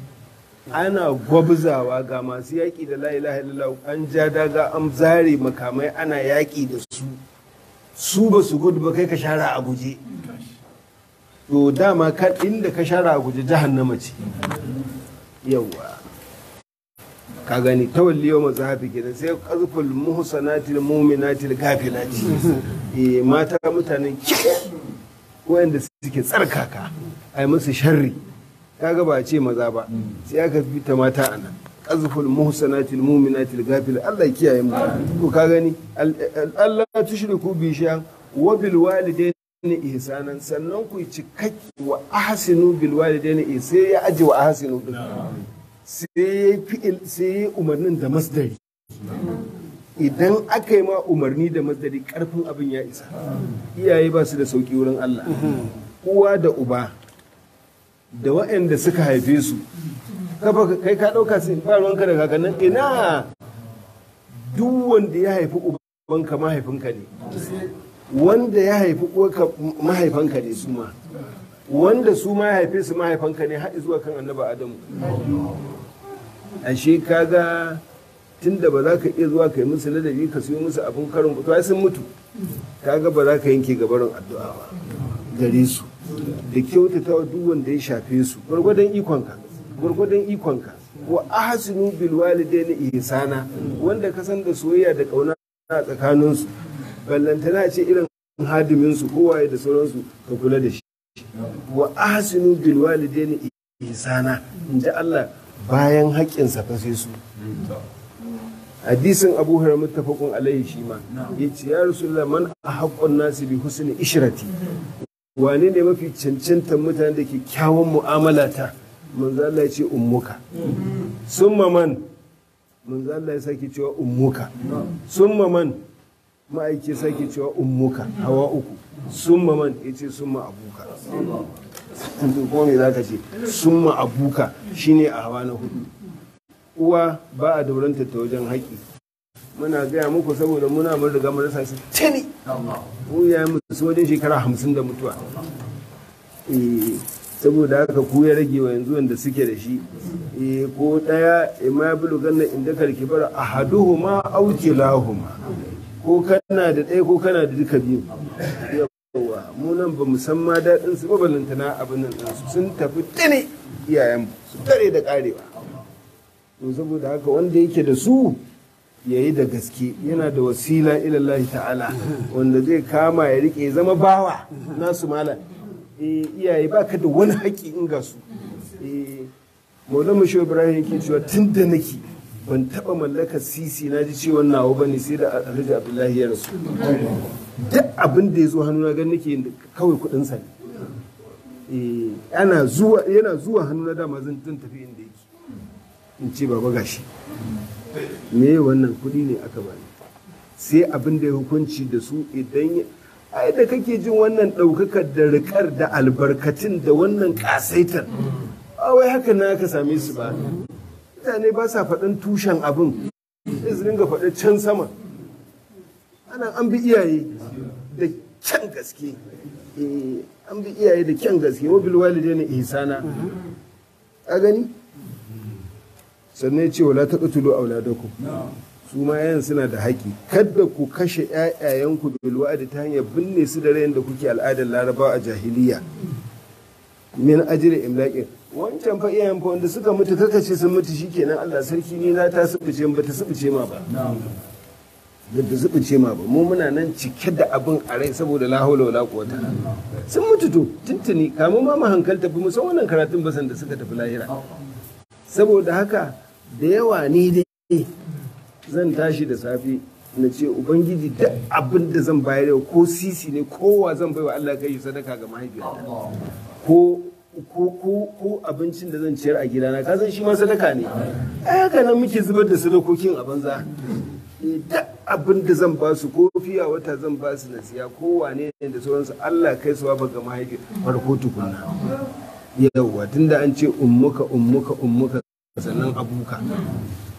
ana gwabzawa ga masu yaƙi da la ilaha illallah an ja daga an zare makamai ana yaƙi da su su ba su gudu ba kai ka shara a guje to dama kan inda ka shara a guje jahannama ce yawa ka gani tawalli yau hafi gida sai ƙarfin muhsanatil muminatil gafilati eh, mata mutanen wanda suke tsarkaka ai musu sharri kaga ba a ce maza ba sai aka fi ta mata a nan azful muhsanatil mu'minatil gafil Allah kiyaye mu to ka gani Allah tushriku bi shan wa bil walidaini ihsanan sannan ku cikakki wa ahsinu bil walidaini sai ya aji wa ahsinu din sai fi'il sai umarnin da masdari idan aka yi ma umarni da masdari karfin abin ya isa iyaye ba su da sauki wurin Allah uwa da uba da waɗanda suka haife su kai ka ɗauka su ba ruwanka da kakannin ina duk wanda ya haifi ubanka mahaifinka ne wanda ya haifi uwarka mahaifanka ne su ma wanda su ma haife su mahaifanka ne har zuwa kan annaba adamu ashe kaga tun da ba za ka iya zuwa ka yi musu ladabi ka siyo musu abin karin to ai sun mutu kaga ba za ka yanke gabarin addu'a ba gare su da kyautata wa duk wanda ya shafe su gwargwadon ikonka gwargwadon ikonka wa ahsinu bil walidaini ihsana wanda ka san da soyayya da kauna a tsakanin su ballantana ce irin hadimin su kowaye da sauransu ka kula da shi wa ahsinu bil walidaini ihsana inda Allah bayan haƙƙin sa sai su hadisin abu hurairah muttafaqun alaihi shi ma yace ya rasulullah man ahaqqun nasi bi husni ishrati wane ne mafi cancantar mutane da kyawun mu'amala ta manzala ya ce ummuka sun man manzala ya sake cewa ummuka sun man ma'aiki sake cewa ummuka hawa uku sun man ya ce sun abuka kuma ne za ka ce summa abuka shine a hawa na hudu uwa ba a dauranta ta wajen haƙi muna gaya muku saboda muna mun riga mun rasa su tani mu ya mu su wajen shekara hamsin da mutuwa eh, saboda haka ku ya rage wa yanzu wanda suke da shi eh, ko daya eh, ma ya bulu ganna inda karki bar ahaduhuma aw kilahuma ko kana da ɗaya ko kana da duka biyu yawa mu nan ba mu san ma daɗin su ba balantana abin nan su sun tafi tani iyayen su tare da karewa to saboda haka wanda yake da su ya yi da gaske yana da wasila ilallahi ta'ala wanda zai kama ya rike zama bawa nasu mala eh, iyaye baka da wani haƙi in ga su eh, maulama shi ibrahim yake cewa tun da nake ban taɓa mallakar sisi na ji cewa nawa ba ne sai da alhaji abdullahi ya rasu duk abin da ya zo hannuna gan nake kawai kuɗinsa ne eh, yana zuwa hannuna dama zan tafi inda yake in ce baba gashi me wannan kuɗi ne aka bani sai abin da ya hukunci da su idan ai da kake jin wannan ɗaukakar da rikar da albarkatun da wannan ƙasaitar a wai haka na ka same su ba mutane ba sa faɗin tushen abin sai su dinga can sama ana an bi iyaye da kyan gaske eh, an bi iyaye da kyan gaske wabil walide ne ihsana a gani sannan ya ce wala ta taqtulu auladakum su ma yayan suna da haƙi kadda ku kashe ƴaƴayenku da wa'adi ta hanyar binne su da rayin da kuke al'adar larabawa a jahiliya min ajri imlaƙin wancan fa iyayen fa wanda suka mutu kaka ce sun mutu shikenan Allah sarki ni na ta subuce ba ta subuce ma ba zubuce ma ba mu muna nan cike da abin a rai saboda la haula wala quwwata sun mutu to tuntuni kamun ma mu hankalta bi mu san wannan karatun basan da suka tafi lahira saboda haka da yawa ni dai zan tashi da safe na ce ubangiji duk abin da zan bayar yau ko sisi ne kowa zan baiwa Allah kai yi sadaka ga mahaifiyata ko abincin da zan ciyar a gidana ka san shi ma sadaka ne ai haka nan muke zubar da sadakokin a banza eh, duk abin da zan ba su ko wata zan ba su na siya ko wane ne da sauransu Allah kai su ba ga mahaifi farko tukunna yawwa tunda an ce ummuka ummuka ummuka sannan abuka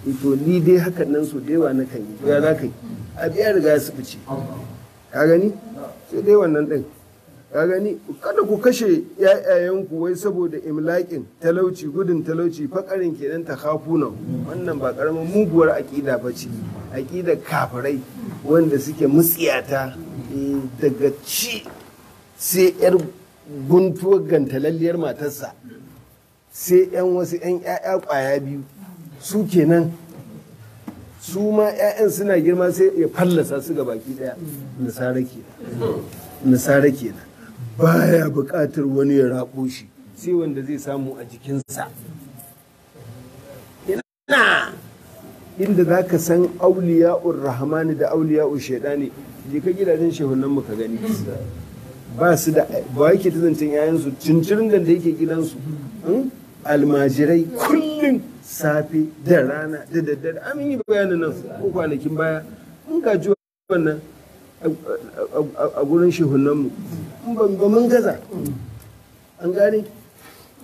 ito ni dai hakan nan so na kan yi ya za ka yi a biya riga su fice ka gani sai dai wannan din ka gani kada ku kashe yayayanku wai saboda imlaƙin talauci gudun talauci fakarin kenan ta kafuna wannan ba ƙaramin muguwar aƙida ba ce aƙida kafirai wanda suke mutsiyata eh, daga ci sai 'yar guntuwar gantalalliyar matarsa sai 'yan wasu 'yan 'ya'ya kwaya biyu su kenan su ma 'ya'yan suna girma sai ya fallasa su ga baki daya nasara kenan baya bukatar wani ya rabo shi sai wanda zai samu a jikinsa ina inda za ka san auliya'ur rahmani da auliya'ur shaidani je ka gidajen shehunan mu ka gani ba su da ba yake ta yayansu cincirin da yake gidansu hmm? almajirai kullum safe da rana da daddare An yi bayanin nan ko kwanakin baya mun gaji wannan a gurin shehunanmu ba mun gaza an gane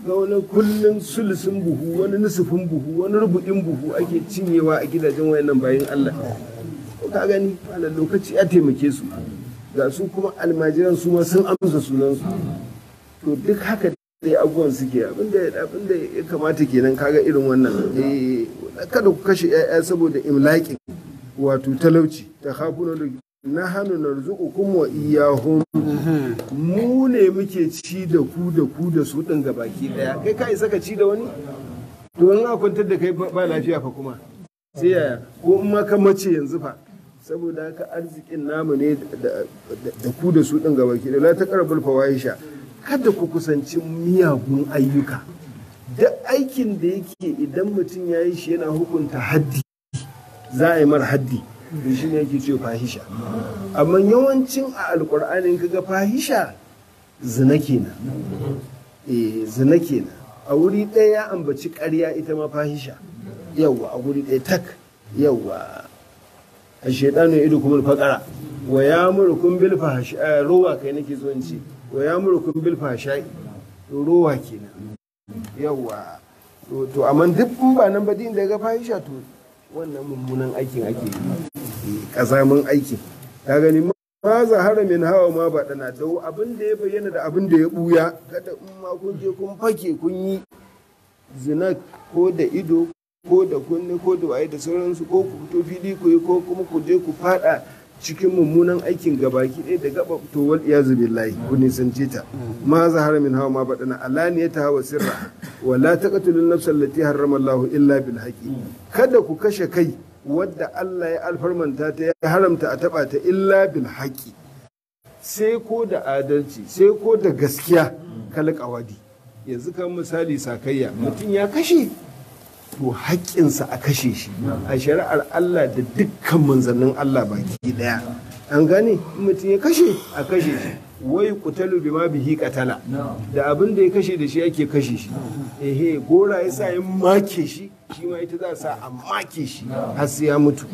ga wani kullum sulusun buhu wani nusufin buhu wani rubuɗin buhu ake cinyewa a gidajen wayannan bayan Allah ka gani a lokaci a taimake su ga su kuma almajiran su ma sun amsa sunansu to duk haka dai abubuwan suke abinda abinda ya kamata kenan kaga irin wannan eh, kada ku kashe 'ya'ya saboda imlaƙin wato talauci ta hafuna da na hannu na rizuƙukun wa iyahun mu ne muke ci da ku da ku da su ɗin gabaki ɗaya kai ka isa ka ci da wani to in kwantar da kai ba lafiya fa kuma sai yaya ko in ma ka mace yanzu fa saboda haka arzikin namu ne da ku da su ɗin gabaki daya la ta ƙarfin fawahisha kada ku kusanci miyagun ayyuka duk aikin da yake idan mutum ya yi shi yana hukunta haddi za a yi mar haddi da shi ne yake ce fahisha amma yawancin a alkur'ani kaga fahisha zina kenan eh zina kenan a wuri ɗaya ya ambaci karya ita ma fahisha yawwa a wuri ɗaya tak yawwa a shaidanu ido kuma fakara wa ya murkun bil fahisha eh, ruwa kai nake zuwanci ce to ya murukun bil fashai rowa kenan yawa to amma duk in ba nan ba din da ga fahisha to wannan mummunan aikin ake yi kazamin eh, aikin ka gani ma haram min hawa ma ba dana da abin da ya bayyana da abin da ya buya kada in ma kun je kun fake kun yi zina ko da ido ko da kunne ko da waye da sauransu ko ku fito fili ku yi ko kuma ku je ku fada cikin mummunan aikin gabaki ɗaya da gaba to wal iyazu billahi ku nisance ta ma zahara min hawa ma badana alaniyata hawa sirra wala taqtulun nafsa allati harrama Allah illa bil haqi kada ku kashe kai wadda Allah ya alfarmanta ta ya haramta a taba ta illa bil haqi sai ko da adalci sai ko da gaskiya kal yanzu kan misali sakayya mutum ya kashe to haƙƙinsa a kashe shi a shari'ar Allah da dukkan manzannin Allah baki daya an gane mutum ya kashe a kashe shi wai kutalu bima bihi katala da abin da ya kashe da shi ake kashe shi ehe gora ya sa yin make shi shi ma ita za sa a make shi har sai ya mutu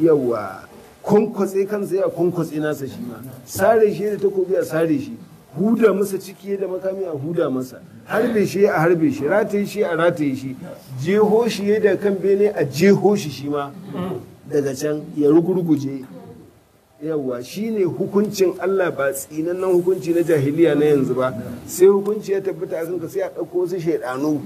yawa kwankwatse kansa ya kwankwatse nasa shi ma sare shi da takobi a sare shi huda masa ciki da makami a huda masa harbe shi a harbe shi rataye shi a rataye shi jeho shi da kan bene a jeho shi shi ma daga can ya rugurguje yawwa shine hukuncin Allah ba tsinannen hukunci na jahiliya na yanzu ba sai hukunci ya tabbata a zinka sai a ɗauko wasu shaidanu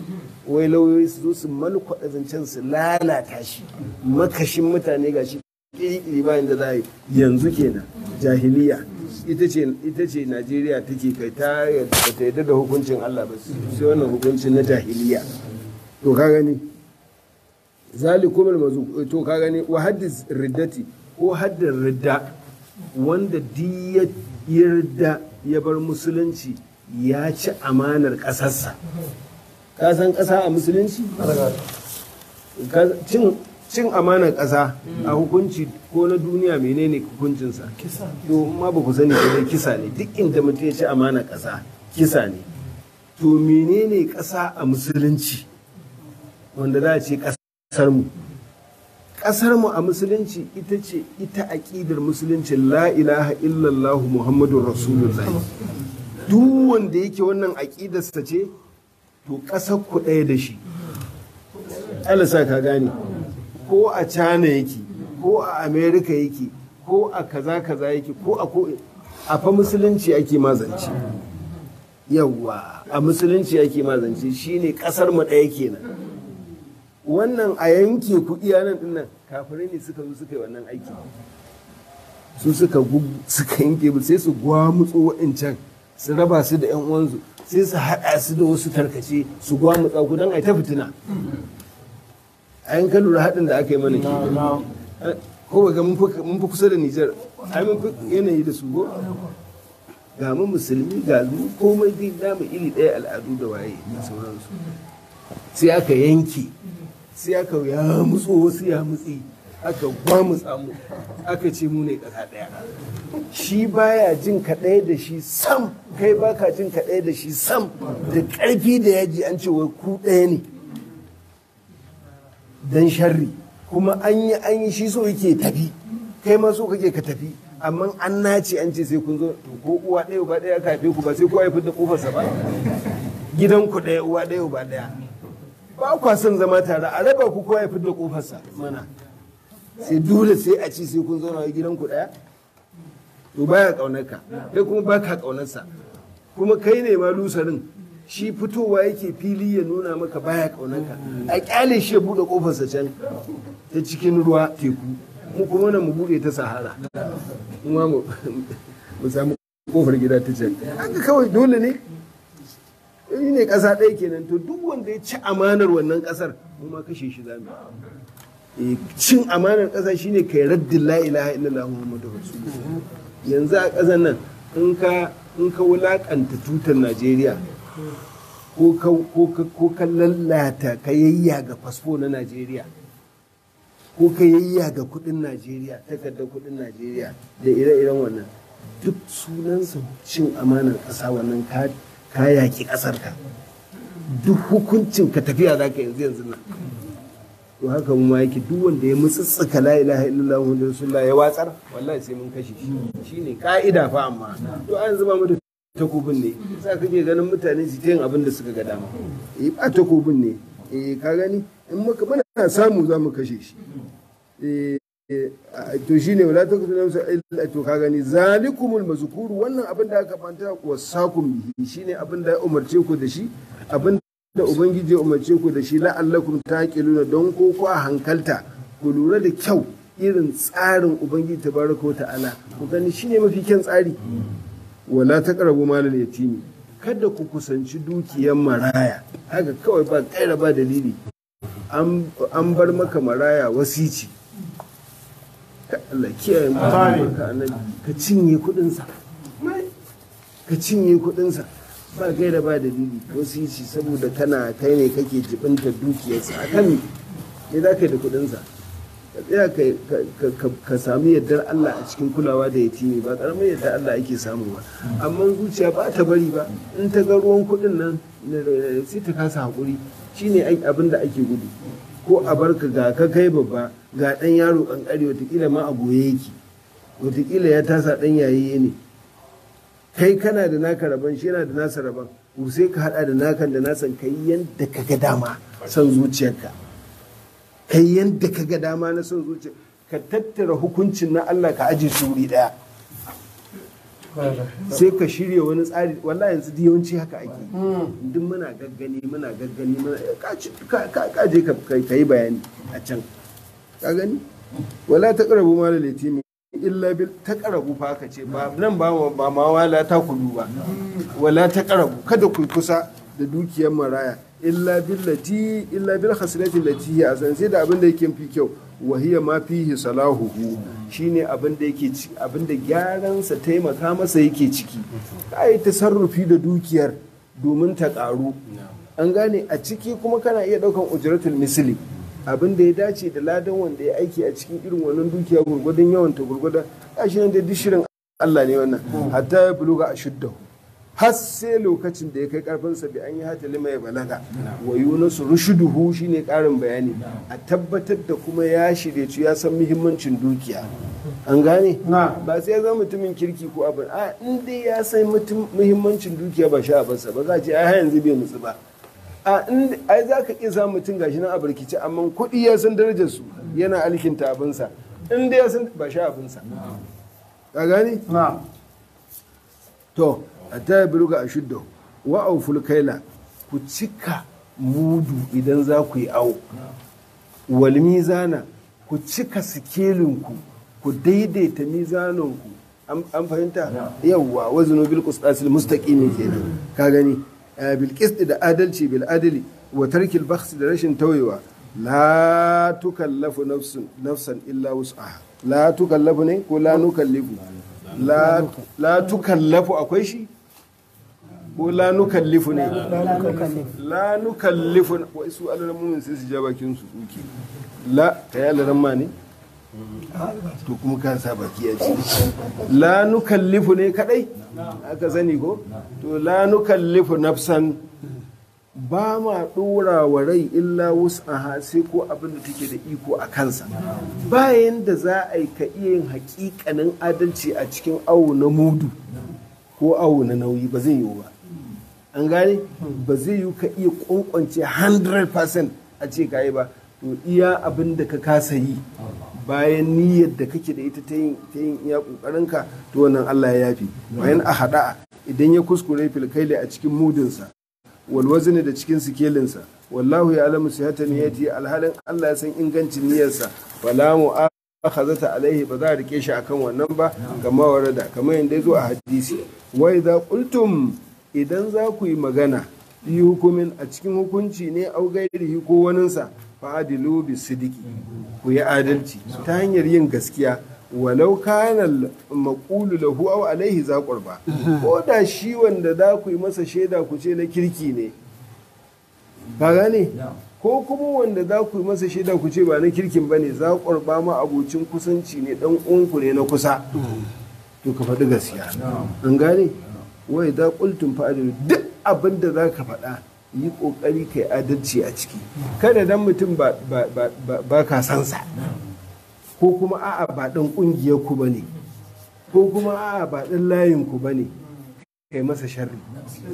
wai lauyoyi su zo su malkwaɗa zancen su lalata shi makashin mutane gashi ƙiri-ƙiri bayan da za yi yanzu kenan jahiliya ita ce najeriya take kai ta ta yadda da hukuncin allah ba sai wannan hukuncin na jahiliya to ka gani da mazu to ka gani wa haddis riddati ko haddin ridda wanda ya yarda ya bar musulunci ya ci amanar kasarsa. ka san ƙasa a musulunci cin cin amanar ƙasa a hukunci ko na duniya menene hukuncinsa to ma ba ku sani ba kisa ne duk inda mutum ya ci amanar ƙasa kisa ne to menene ƙasa a musulunci wanda za a ce ƙasar mu ƙasar mu a musulunci ita ce ita aƙidar musulunci la ilaha illallah muhammadur rasulullah duk wanda yake wannan aƙidarsa ce to ƙasar ku ɗaya da shi Allah sa ka gane ko a China yake ko a America yake ko a kaza kaza yake ko a ko a fa musulunci ake mazanci yawwa a musulunci ake mazanci shine kasar mu ɗaya kenan wannan a yanke kuɗi nan din nan kafirai ne suka zo suka yi wannan aiki su suka suka yanke ba sai su gwamutso waɗancan su raba su da 'yan uwansu sai su haɗa su da wasu tarkace su gwamutsa ku don a ta fitina a yan ka lura haɗin da aka yi mana ke ko ba mun fi kusa da nijar ai mun fi yanayi da su ko ga mu musulmi ga mu komai zai damu iri ɗaya al'adu da waye da sauransu sai aka yanke sai aka ya mutso wasu ya mutsi aka gwamutsa mu aka ce mu ne ƙasa ɗaya shi baya jin kaɗai da shi sam kai baka jin kaɗai da shi sam da ƙarfi da yaji an ce wai ku ɗaya ne dan sharri kuma an yi an yi shi so yake tafi kai ma so kake ka tafi amma an nace an ce sai kun zo to ko uwa ɗaya uba ɗaya ka haife ku ba sai kowa ya da kofarsa ba gidan ku ɗaya uwa ɗaya uba ɗaya ba kwa son zama tare a raba ku kowa ya da kofarsa mana sai dole sai a ci sai kun zauna gidan ku ɗaya to baya ƙaunar ka kai kuma baka sa kuma kai ne ma lusarin shi fitowa yake fili ya nuna maka baya kaunanka a kyale shi ya buɗe kofarsa can ta cikin ruwa teku mu kuma na mu buɗe ta sahara kuma mu samu kofar gida ta can haka kawai dole ne yi ne ƙasa ɗaya kenan to duk wanda ya ci amanar wannan ƙasar mu ma kashe shi zamu eh, cin amanar ƙasa shine kai raddin la ilaha illallah muhammadu rasulullah yanzu a ƙasar nan in ka in ka wulakanta tutar najeriya ko ka lallata ka ga fasfo na najeriya ko ka ga kudin najeriya takardar kudin najeriya da ire-iren wannan duk sunansa cin amanar ƙasa wannan ke yaƙi ƙasarka duk hukuncin ka tafiya za ka yanzu yanzu nan to haka mu ma yake duk wanda ya mutsutsuka la ilaha illallah muhammadu rasulullah ya watsar wallahi sai mun kashe shi shine ka'ida fa amma to an zuba mu takobin ne za ka je ganin mutane su ta yin abin da suka ga dama eh ba takobin ne eh ka gani in muka muna samu za mu kashe shi eh, eh to shine wala ta kusa su illa to ka gani zalikumul mazkuru wannan abin da aka banta wasakum bihi shine abin da umarce ku da shi abin da ubangiji ya umarce ku da shi la'allakum taqiluna don ko ku a hankalta ku lura da kyau irin tsarin ubangiji tabaraka wa ta'ala ku gani shine mafi kyan tsari wala karabu malin yatimi kada ku kusanci dukiyar maraya haka kawai ba kaira ba dalili an bar maka maraya wasici Allah kiyaye maka ka cinye kudinsa ka cinye kudinsa ba gaira ba dalili wasici saboda tana kai ne kake jibinta dukiyarsa akan ne za ka yi da kudinsa ka tsaya ka sami yardar Allah a cikin kulawa da ya yatimi ba karamin yadda Allah ake samu ba amma zuciya ba ta bari ba in ta ga ruwan kuɗin nan sai ta kasa haƙuri shine abin da ake gudu ko a barka ga ka kai babba ga ɗan yaro ƙanƙari watakila ma a goye yake watakila ya tasa ɗan yayi ne kai kana da naka rabon shi yana da nasa rabon sai ka haɗa da nakan da nasan kai yadda ka ga dama son zuciyarka kai yadda ka ga dama na son zuciya ka tattara hukuncin na Allah ka aji su wuri daya sai ka shirya wani tsari wallahi yanzu yawanci haka ake duk muna gaggani muna gaggani muna ka je ka yi bayani a can ka gani wala ta karabu ma da litimi illa bil ta karabu fa ka ce ba nan ba ma wala ta kudu ba wala ta karabu kada ku kusa da dukiyar maraya illa billati illa bil lati a zanzi da abin da yake fi kyau wa hiya ma fihi salahuhu shine abin da yake abin da gyaran sa taimaka masa yake ciki ta sarrufi da dukiyar domin ta karu an gane a ciki kuma kana iya daukan ujratul misli abin da ya dace da ladan wanda ya aiki a cikin irin wannan dukiya gurgudun yawan ta gurgudan ya ne da shirin Allah ne wannan hatta ya buluga ashuddahu har sai lokacin da ya kai karfinsa bi an yi hata lima ya balaga wa yunusu rushuduhu ne karin bayani a tabbatar da kuma ya shirye ya san muhimmancin dukiya an gane ba sai ya zama mutumin kirki ko abin a in dai ya san muhimmancin dukiya ba sha abinsa ba za a ce ai yanzu bai nutsu ba a inda ai za ka iya samun mutum gashi nan a barkici amma kuɗi ya san darajar su yana alkinta abinsa in dai ya san ba sha abinsa ka gane to a ta yi a shidda wa auful kaila ku cika mudu idan za ku yi awo wal mizana ku cika sikelinku ku daidaita mizanonku an fahimta yawwa wazinu bil qistasil mustaqimi kenan ka gani eh, bil da adalci bil adli wa tarkil bakhs da rashin tawayewa la tukallafu nafsun nafsan illa wus'aha la tukallafu ne ko la nukallafu la tukallafu akwai shi ko la nukallifu ne la nukallifu wa isu alalan mumin sai su ja bakin su tsuki la ta yi alalan ma ne to kuma ka sa baki a ci la nukallifu ne kadai aka sani ko to la nukallifu nafsan ba ma ɗora wa rai illa wus'aha sai ko abin da take da iko a kansa bayan da za a yi ka iya yin hakikanin adalci a cikin awu na mudu ko awu na nauyi ba zai yiwu ba an gane ba zai yi ka iya kokonce 100% a ce ka yi ba to iya abin da ka kasa yi bayan niyyar da kake da ita ta yin iya ka to wannan Allah ya yafi bayan a hada idan ya kuskure filkaili a cikin mudinsa ne da cikin sikelinsa wallahu ya alamu sihata niyyati alhalin Allah ya san ingancin niyyarsa wala akhazata alaihi ba za a rike shi akan wannan ba kamar warada kamar yanda ya a hadisi wa idza qultum idan za ku yi magana yi hukumin a cikin hukunci ne au gairihi ko waninsa fa'adilu bi sidiki ku yi adalci ta hanyar yin gaskiya walau kana maqulu lahu aw alaihi za qurba ko da shi wanda za ku yi masa shaida ku ce na kirki ne ba gane ko kuma wanda za ku yi masa shaida ku ce ba na kirkin ba ne za ƙwarba ma abocin kusanci ne ɗan unku ne na kusa to ka faɗi gaskiya an gane wai da kultun fa'dilu duk abin da zaka faɗa yi kokari kai adalci a ciki kada dan mutum ba ka san sa ko kuma a'a ba dan ƙungiyar ku bane ko kuma a'a ba dan layin ku bane kai masa sharri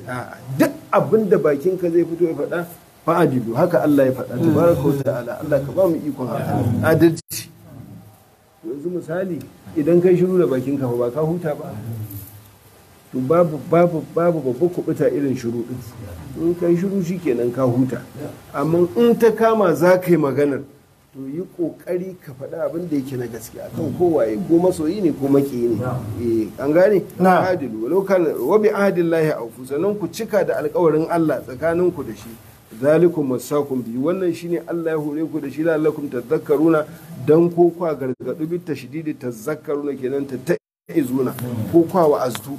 a'a duk abin da bakin ka zai fito ya faɗa fa'adilu haka Allah ya faɗa tabaraka wa ta'ala Allah ka ba mu ikon haka adalci yanzu misali idan kai shiru da bakin ka ba ka huta ba to babu babu babu kubuta irin shiru din in kai shiru kenan ka huta amma in ta kama za ka yi maganar to yi kokari ka faɗa abin da yake na gaskiya kan kowaye ko masoyi ne ko maki ne eh, an gane adilu walau kana wa bi awfu sannan ku cika da alkawarin Allah tsakanin ku da shi zalikum masakun bi wannan shine Allah ya hore ku da shi la'allakum tadhakkaruna dan ko kwa gargadu bi tashdidi tadhakkaruna kenan ta izuna ko kwa wa'aztu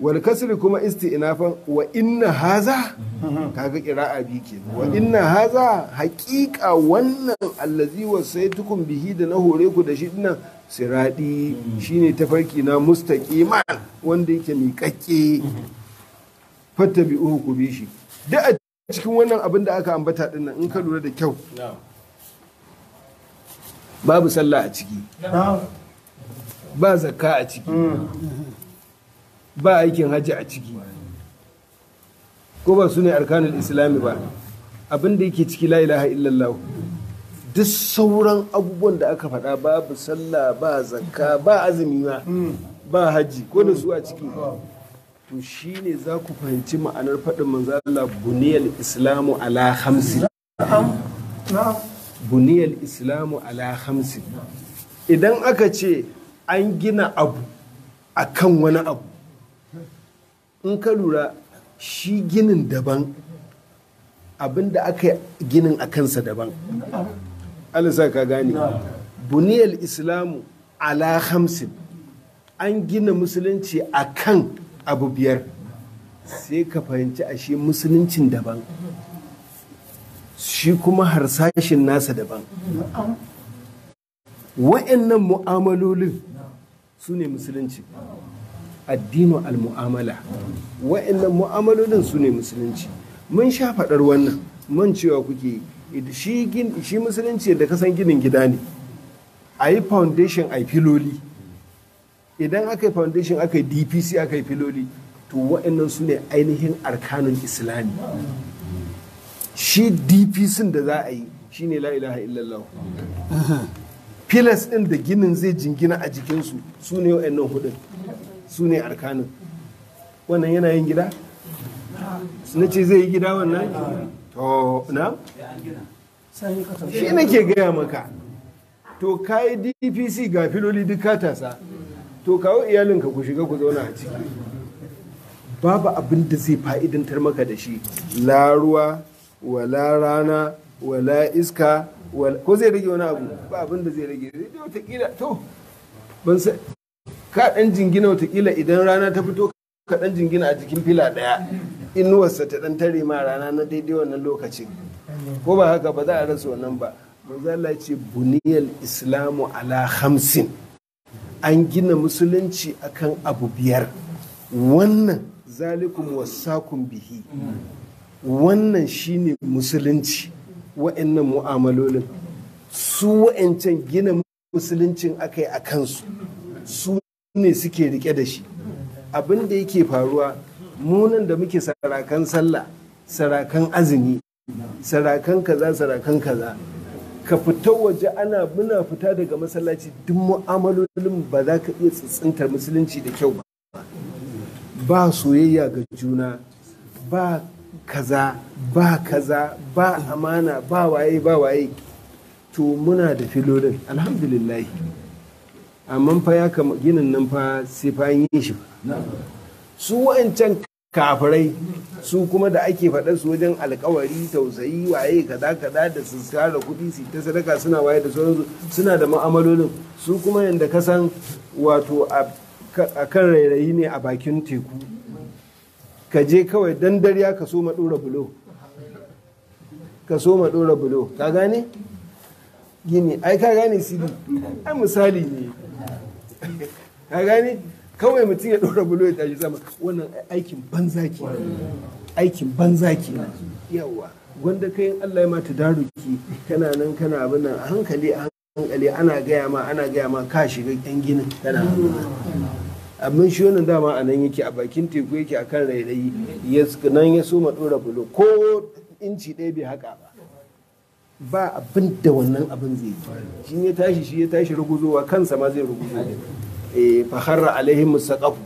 wal kasri kuma isti'nafan wa inna haza kaga qira'a bi ke wa inna haza haqiqa wannan allazi tukun bihi da na hore ku da shi dinnan siradi shine tafarki na mustaqiman wanda yake miƙaƙƙe uku ku bi shi da a cikin wannan abin da aka ambata dinnan in ka lura da kyau babu sallah a ciki ba zakka a ciki mm. ba aikin hajji a ciki ko ba su ne arkanul islami ba abinda yake ciki la ilaha illallah duk sauran abubuwan da aka faɗa babu sallah ba zakka ba azumi ma ba hajji ko da su a ciki to shi ne za ku fahimci ma'anar faɗin manzo Allah buniyal islamu ala khamsi buniyal islamu ala khamsi idan aka ce an gina abu akan wani abu in ka lura shi ginin daban abin da aka ginin a kansa daban alisa ka gane buniyar islamu ala hamsin an gina musulunci a kan abu biyar sai ka fahimci ashe musuluncin daban shi kuma harsashin nasa daban wa'annan mu'amalolin su ne musulunci addinu al-mu'amala wa'annan mu'amalolin su ne musulunci mun sha faɗar wannan Mun cewa kuke shi musulunci da kasan ginin gida ne a yi foundation a filoli idan aka yi foundation aka yi dpc aka yi filoli to wa'annan su ne ainihin arkanun islami shi dpc da za a yi shi ne la'ilaha illallah filas ɗin da ginin zai jingina a jikinsu su ne wa'annan hudun su ne arkanin wannan yana yin gida na ce zai yi gida wannan to na shi nake gaya maka to ka yi dpc ga filoli duk katasa to kawo iyalinka ku shiga ku zauna a ciki babu abin da zai fa'idantar maka da shi laruwa wala rana wala iska ko zai rage wani abu ba abin da zai rage zai ta kila to ban ka jingina watakila idan rana ta fito ka jingina a jikin fila ɗaya. inuwarsa ta ɗan tare ma rana na daidai wannan lokacin ko ba haka ba za a rasa wannan ba manzo ya ce buniyal islamu ala hamsin an gina musulunci akan abu biyar wannan zalikum wasakun bihi wannan shine musulunci wa'annan mu'amalolin su wa'ancan gina musuluncin akai a kansu su ne suke rike da shi abin da yake faruwa munan da muke sarakan sallah sarakan azumi sarakan kaza sarakan kaza ka fita waje ana muna fita daga masallaci duk mu'amalolin ba za ka iya tsitsintar musulunci da kyau ba ba soyayya ga juna ba kaza ba kaza ba amana ba waye ba waye to muna da filolin alhamdulillah amma fa ya kama ginin nan fa sai fa yi shi su wa'ancan kafirai su kuma da ake faɗa su wajen alkawari tausayi waye kaza kaza da su tara kuɗi su ta sadaka suna waye da sauransu suna da ma'amalolin su kuma yanda ka san wato a kan rairayi ne a bakin teku ka je kawai dan dariya ka so maɗora ɗora bulo ka so ma bulo ka gane gini ai ka gane sidi ai misali ne ka gani kawai mutum ya ɗora bulo ya tashi sama wannan aikin banza ke aikin banza ke yawa gwanda kayan Allah ya mata daruki kana nan kana abin nan a hankali a hankali ana gaya ma ana gaya ma ka shiga yan ginin kana abin shi wannan dama a nan yake a bakin teku yake akan rairayi nan ya so ma ɗora bulo ko inci ɗaya bai haka ba ba abin da wannan abin zai yi shi ya tashi shi ya tashi ruguzowa kansa ma zai ruguzo eh faharra alaihim musaqafu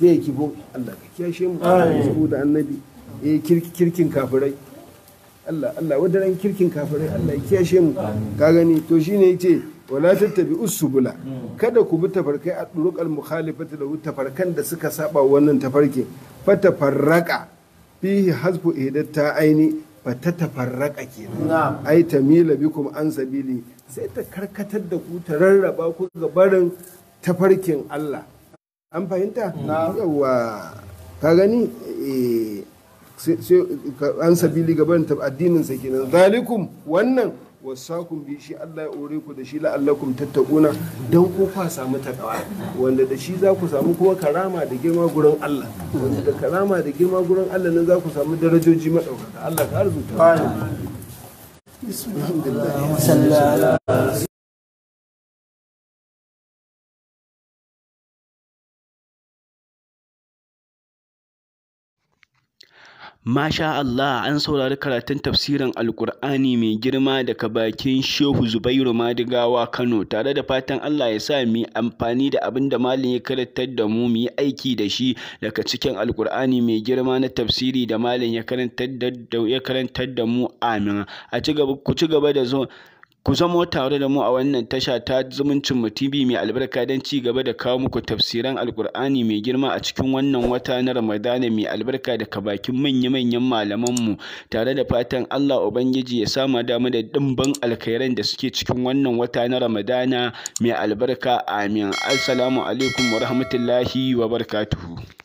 zai kibo Allah ka kiyashe mu da annabi eh kirkin kafirai Allah Allah wadaran kirkin kafirai Allah ya kiyashe mu ka gani to shine yace wala tattabi usubula kada ku bi tafarkai a durukal mukhalifati da tafarkan da suka saba wannan tafarkin tafarraqa fihi hasbu ihdatta aini bata tafarraka ke ai ta mila kuma an sabili sai ta karkatar da ku ta rarraba ku ga barin tafarkin Allah an fahimta yawa ka gani eh, an sabili gaban addinin sa kenan zalikum wannan wasakun bi shi Allah ya ore ku da shi la'allakum tattaquna dan ku kwa samu takawa wanda da shi za ku samu kuma karama da girma gurin Allah wanda da karama da girma gurin Allah nan za ku samu darajoji madaukaka Allah ka arzuta amin bismillah Masha Allah an saurari karatun tafsirin Alƙur'ani mai girma daga bakin Shehu Zubairu Madigawa Kano tare da fatan Allah ya sa mu amfani da abin da malam ya karantar da mu mu yi aiki da shi daga cikin Alƙur'ani mai girma na tafsiri da malam ya karantar da mu amin a ci gaba ku ci gaba da zuwa Ku zamo tare da mu a wannan tasha ta zumuncinmu TV mai albarka don ci gaba da kawo muku tafsiran Alkur'ani mai girma a cikin wannan wata na Ramadana mai albarka daga bakin manya-manyan mu tare da fatan Allah Ubangiji ya sama damu da dimban alkhairan da suke cikin wannan wata na Ramadana mai albarka amin. Assalamu alaikum wa rahmatullahi wa barakatuhu.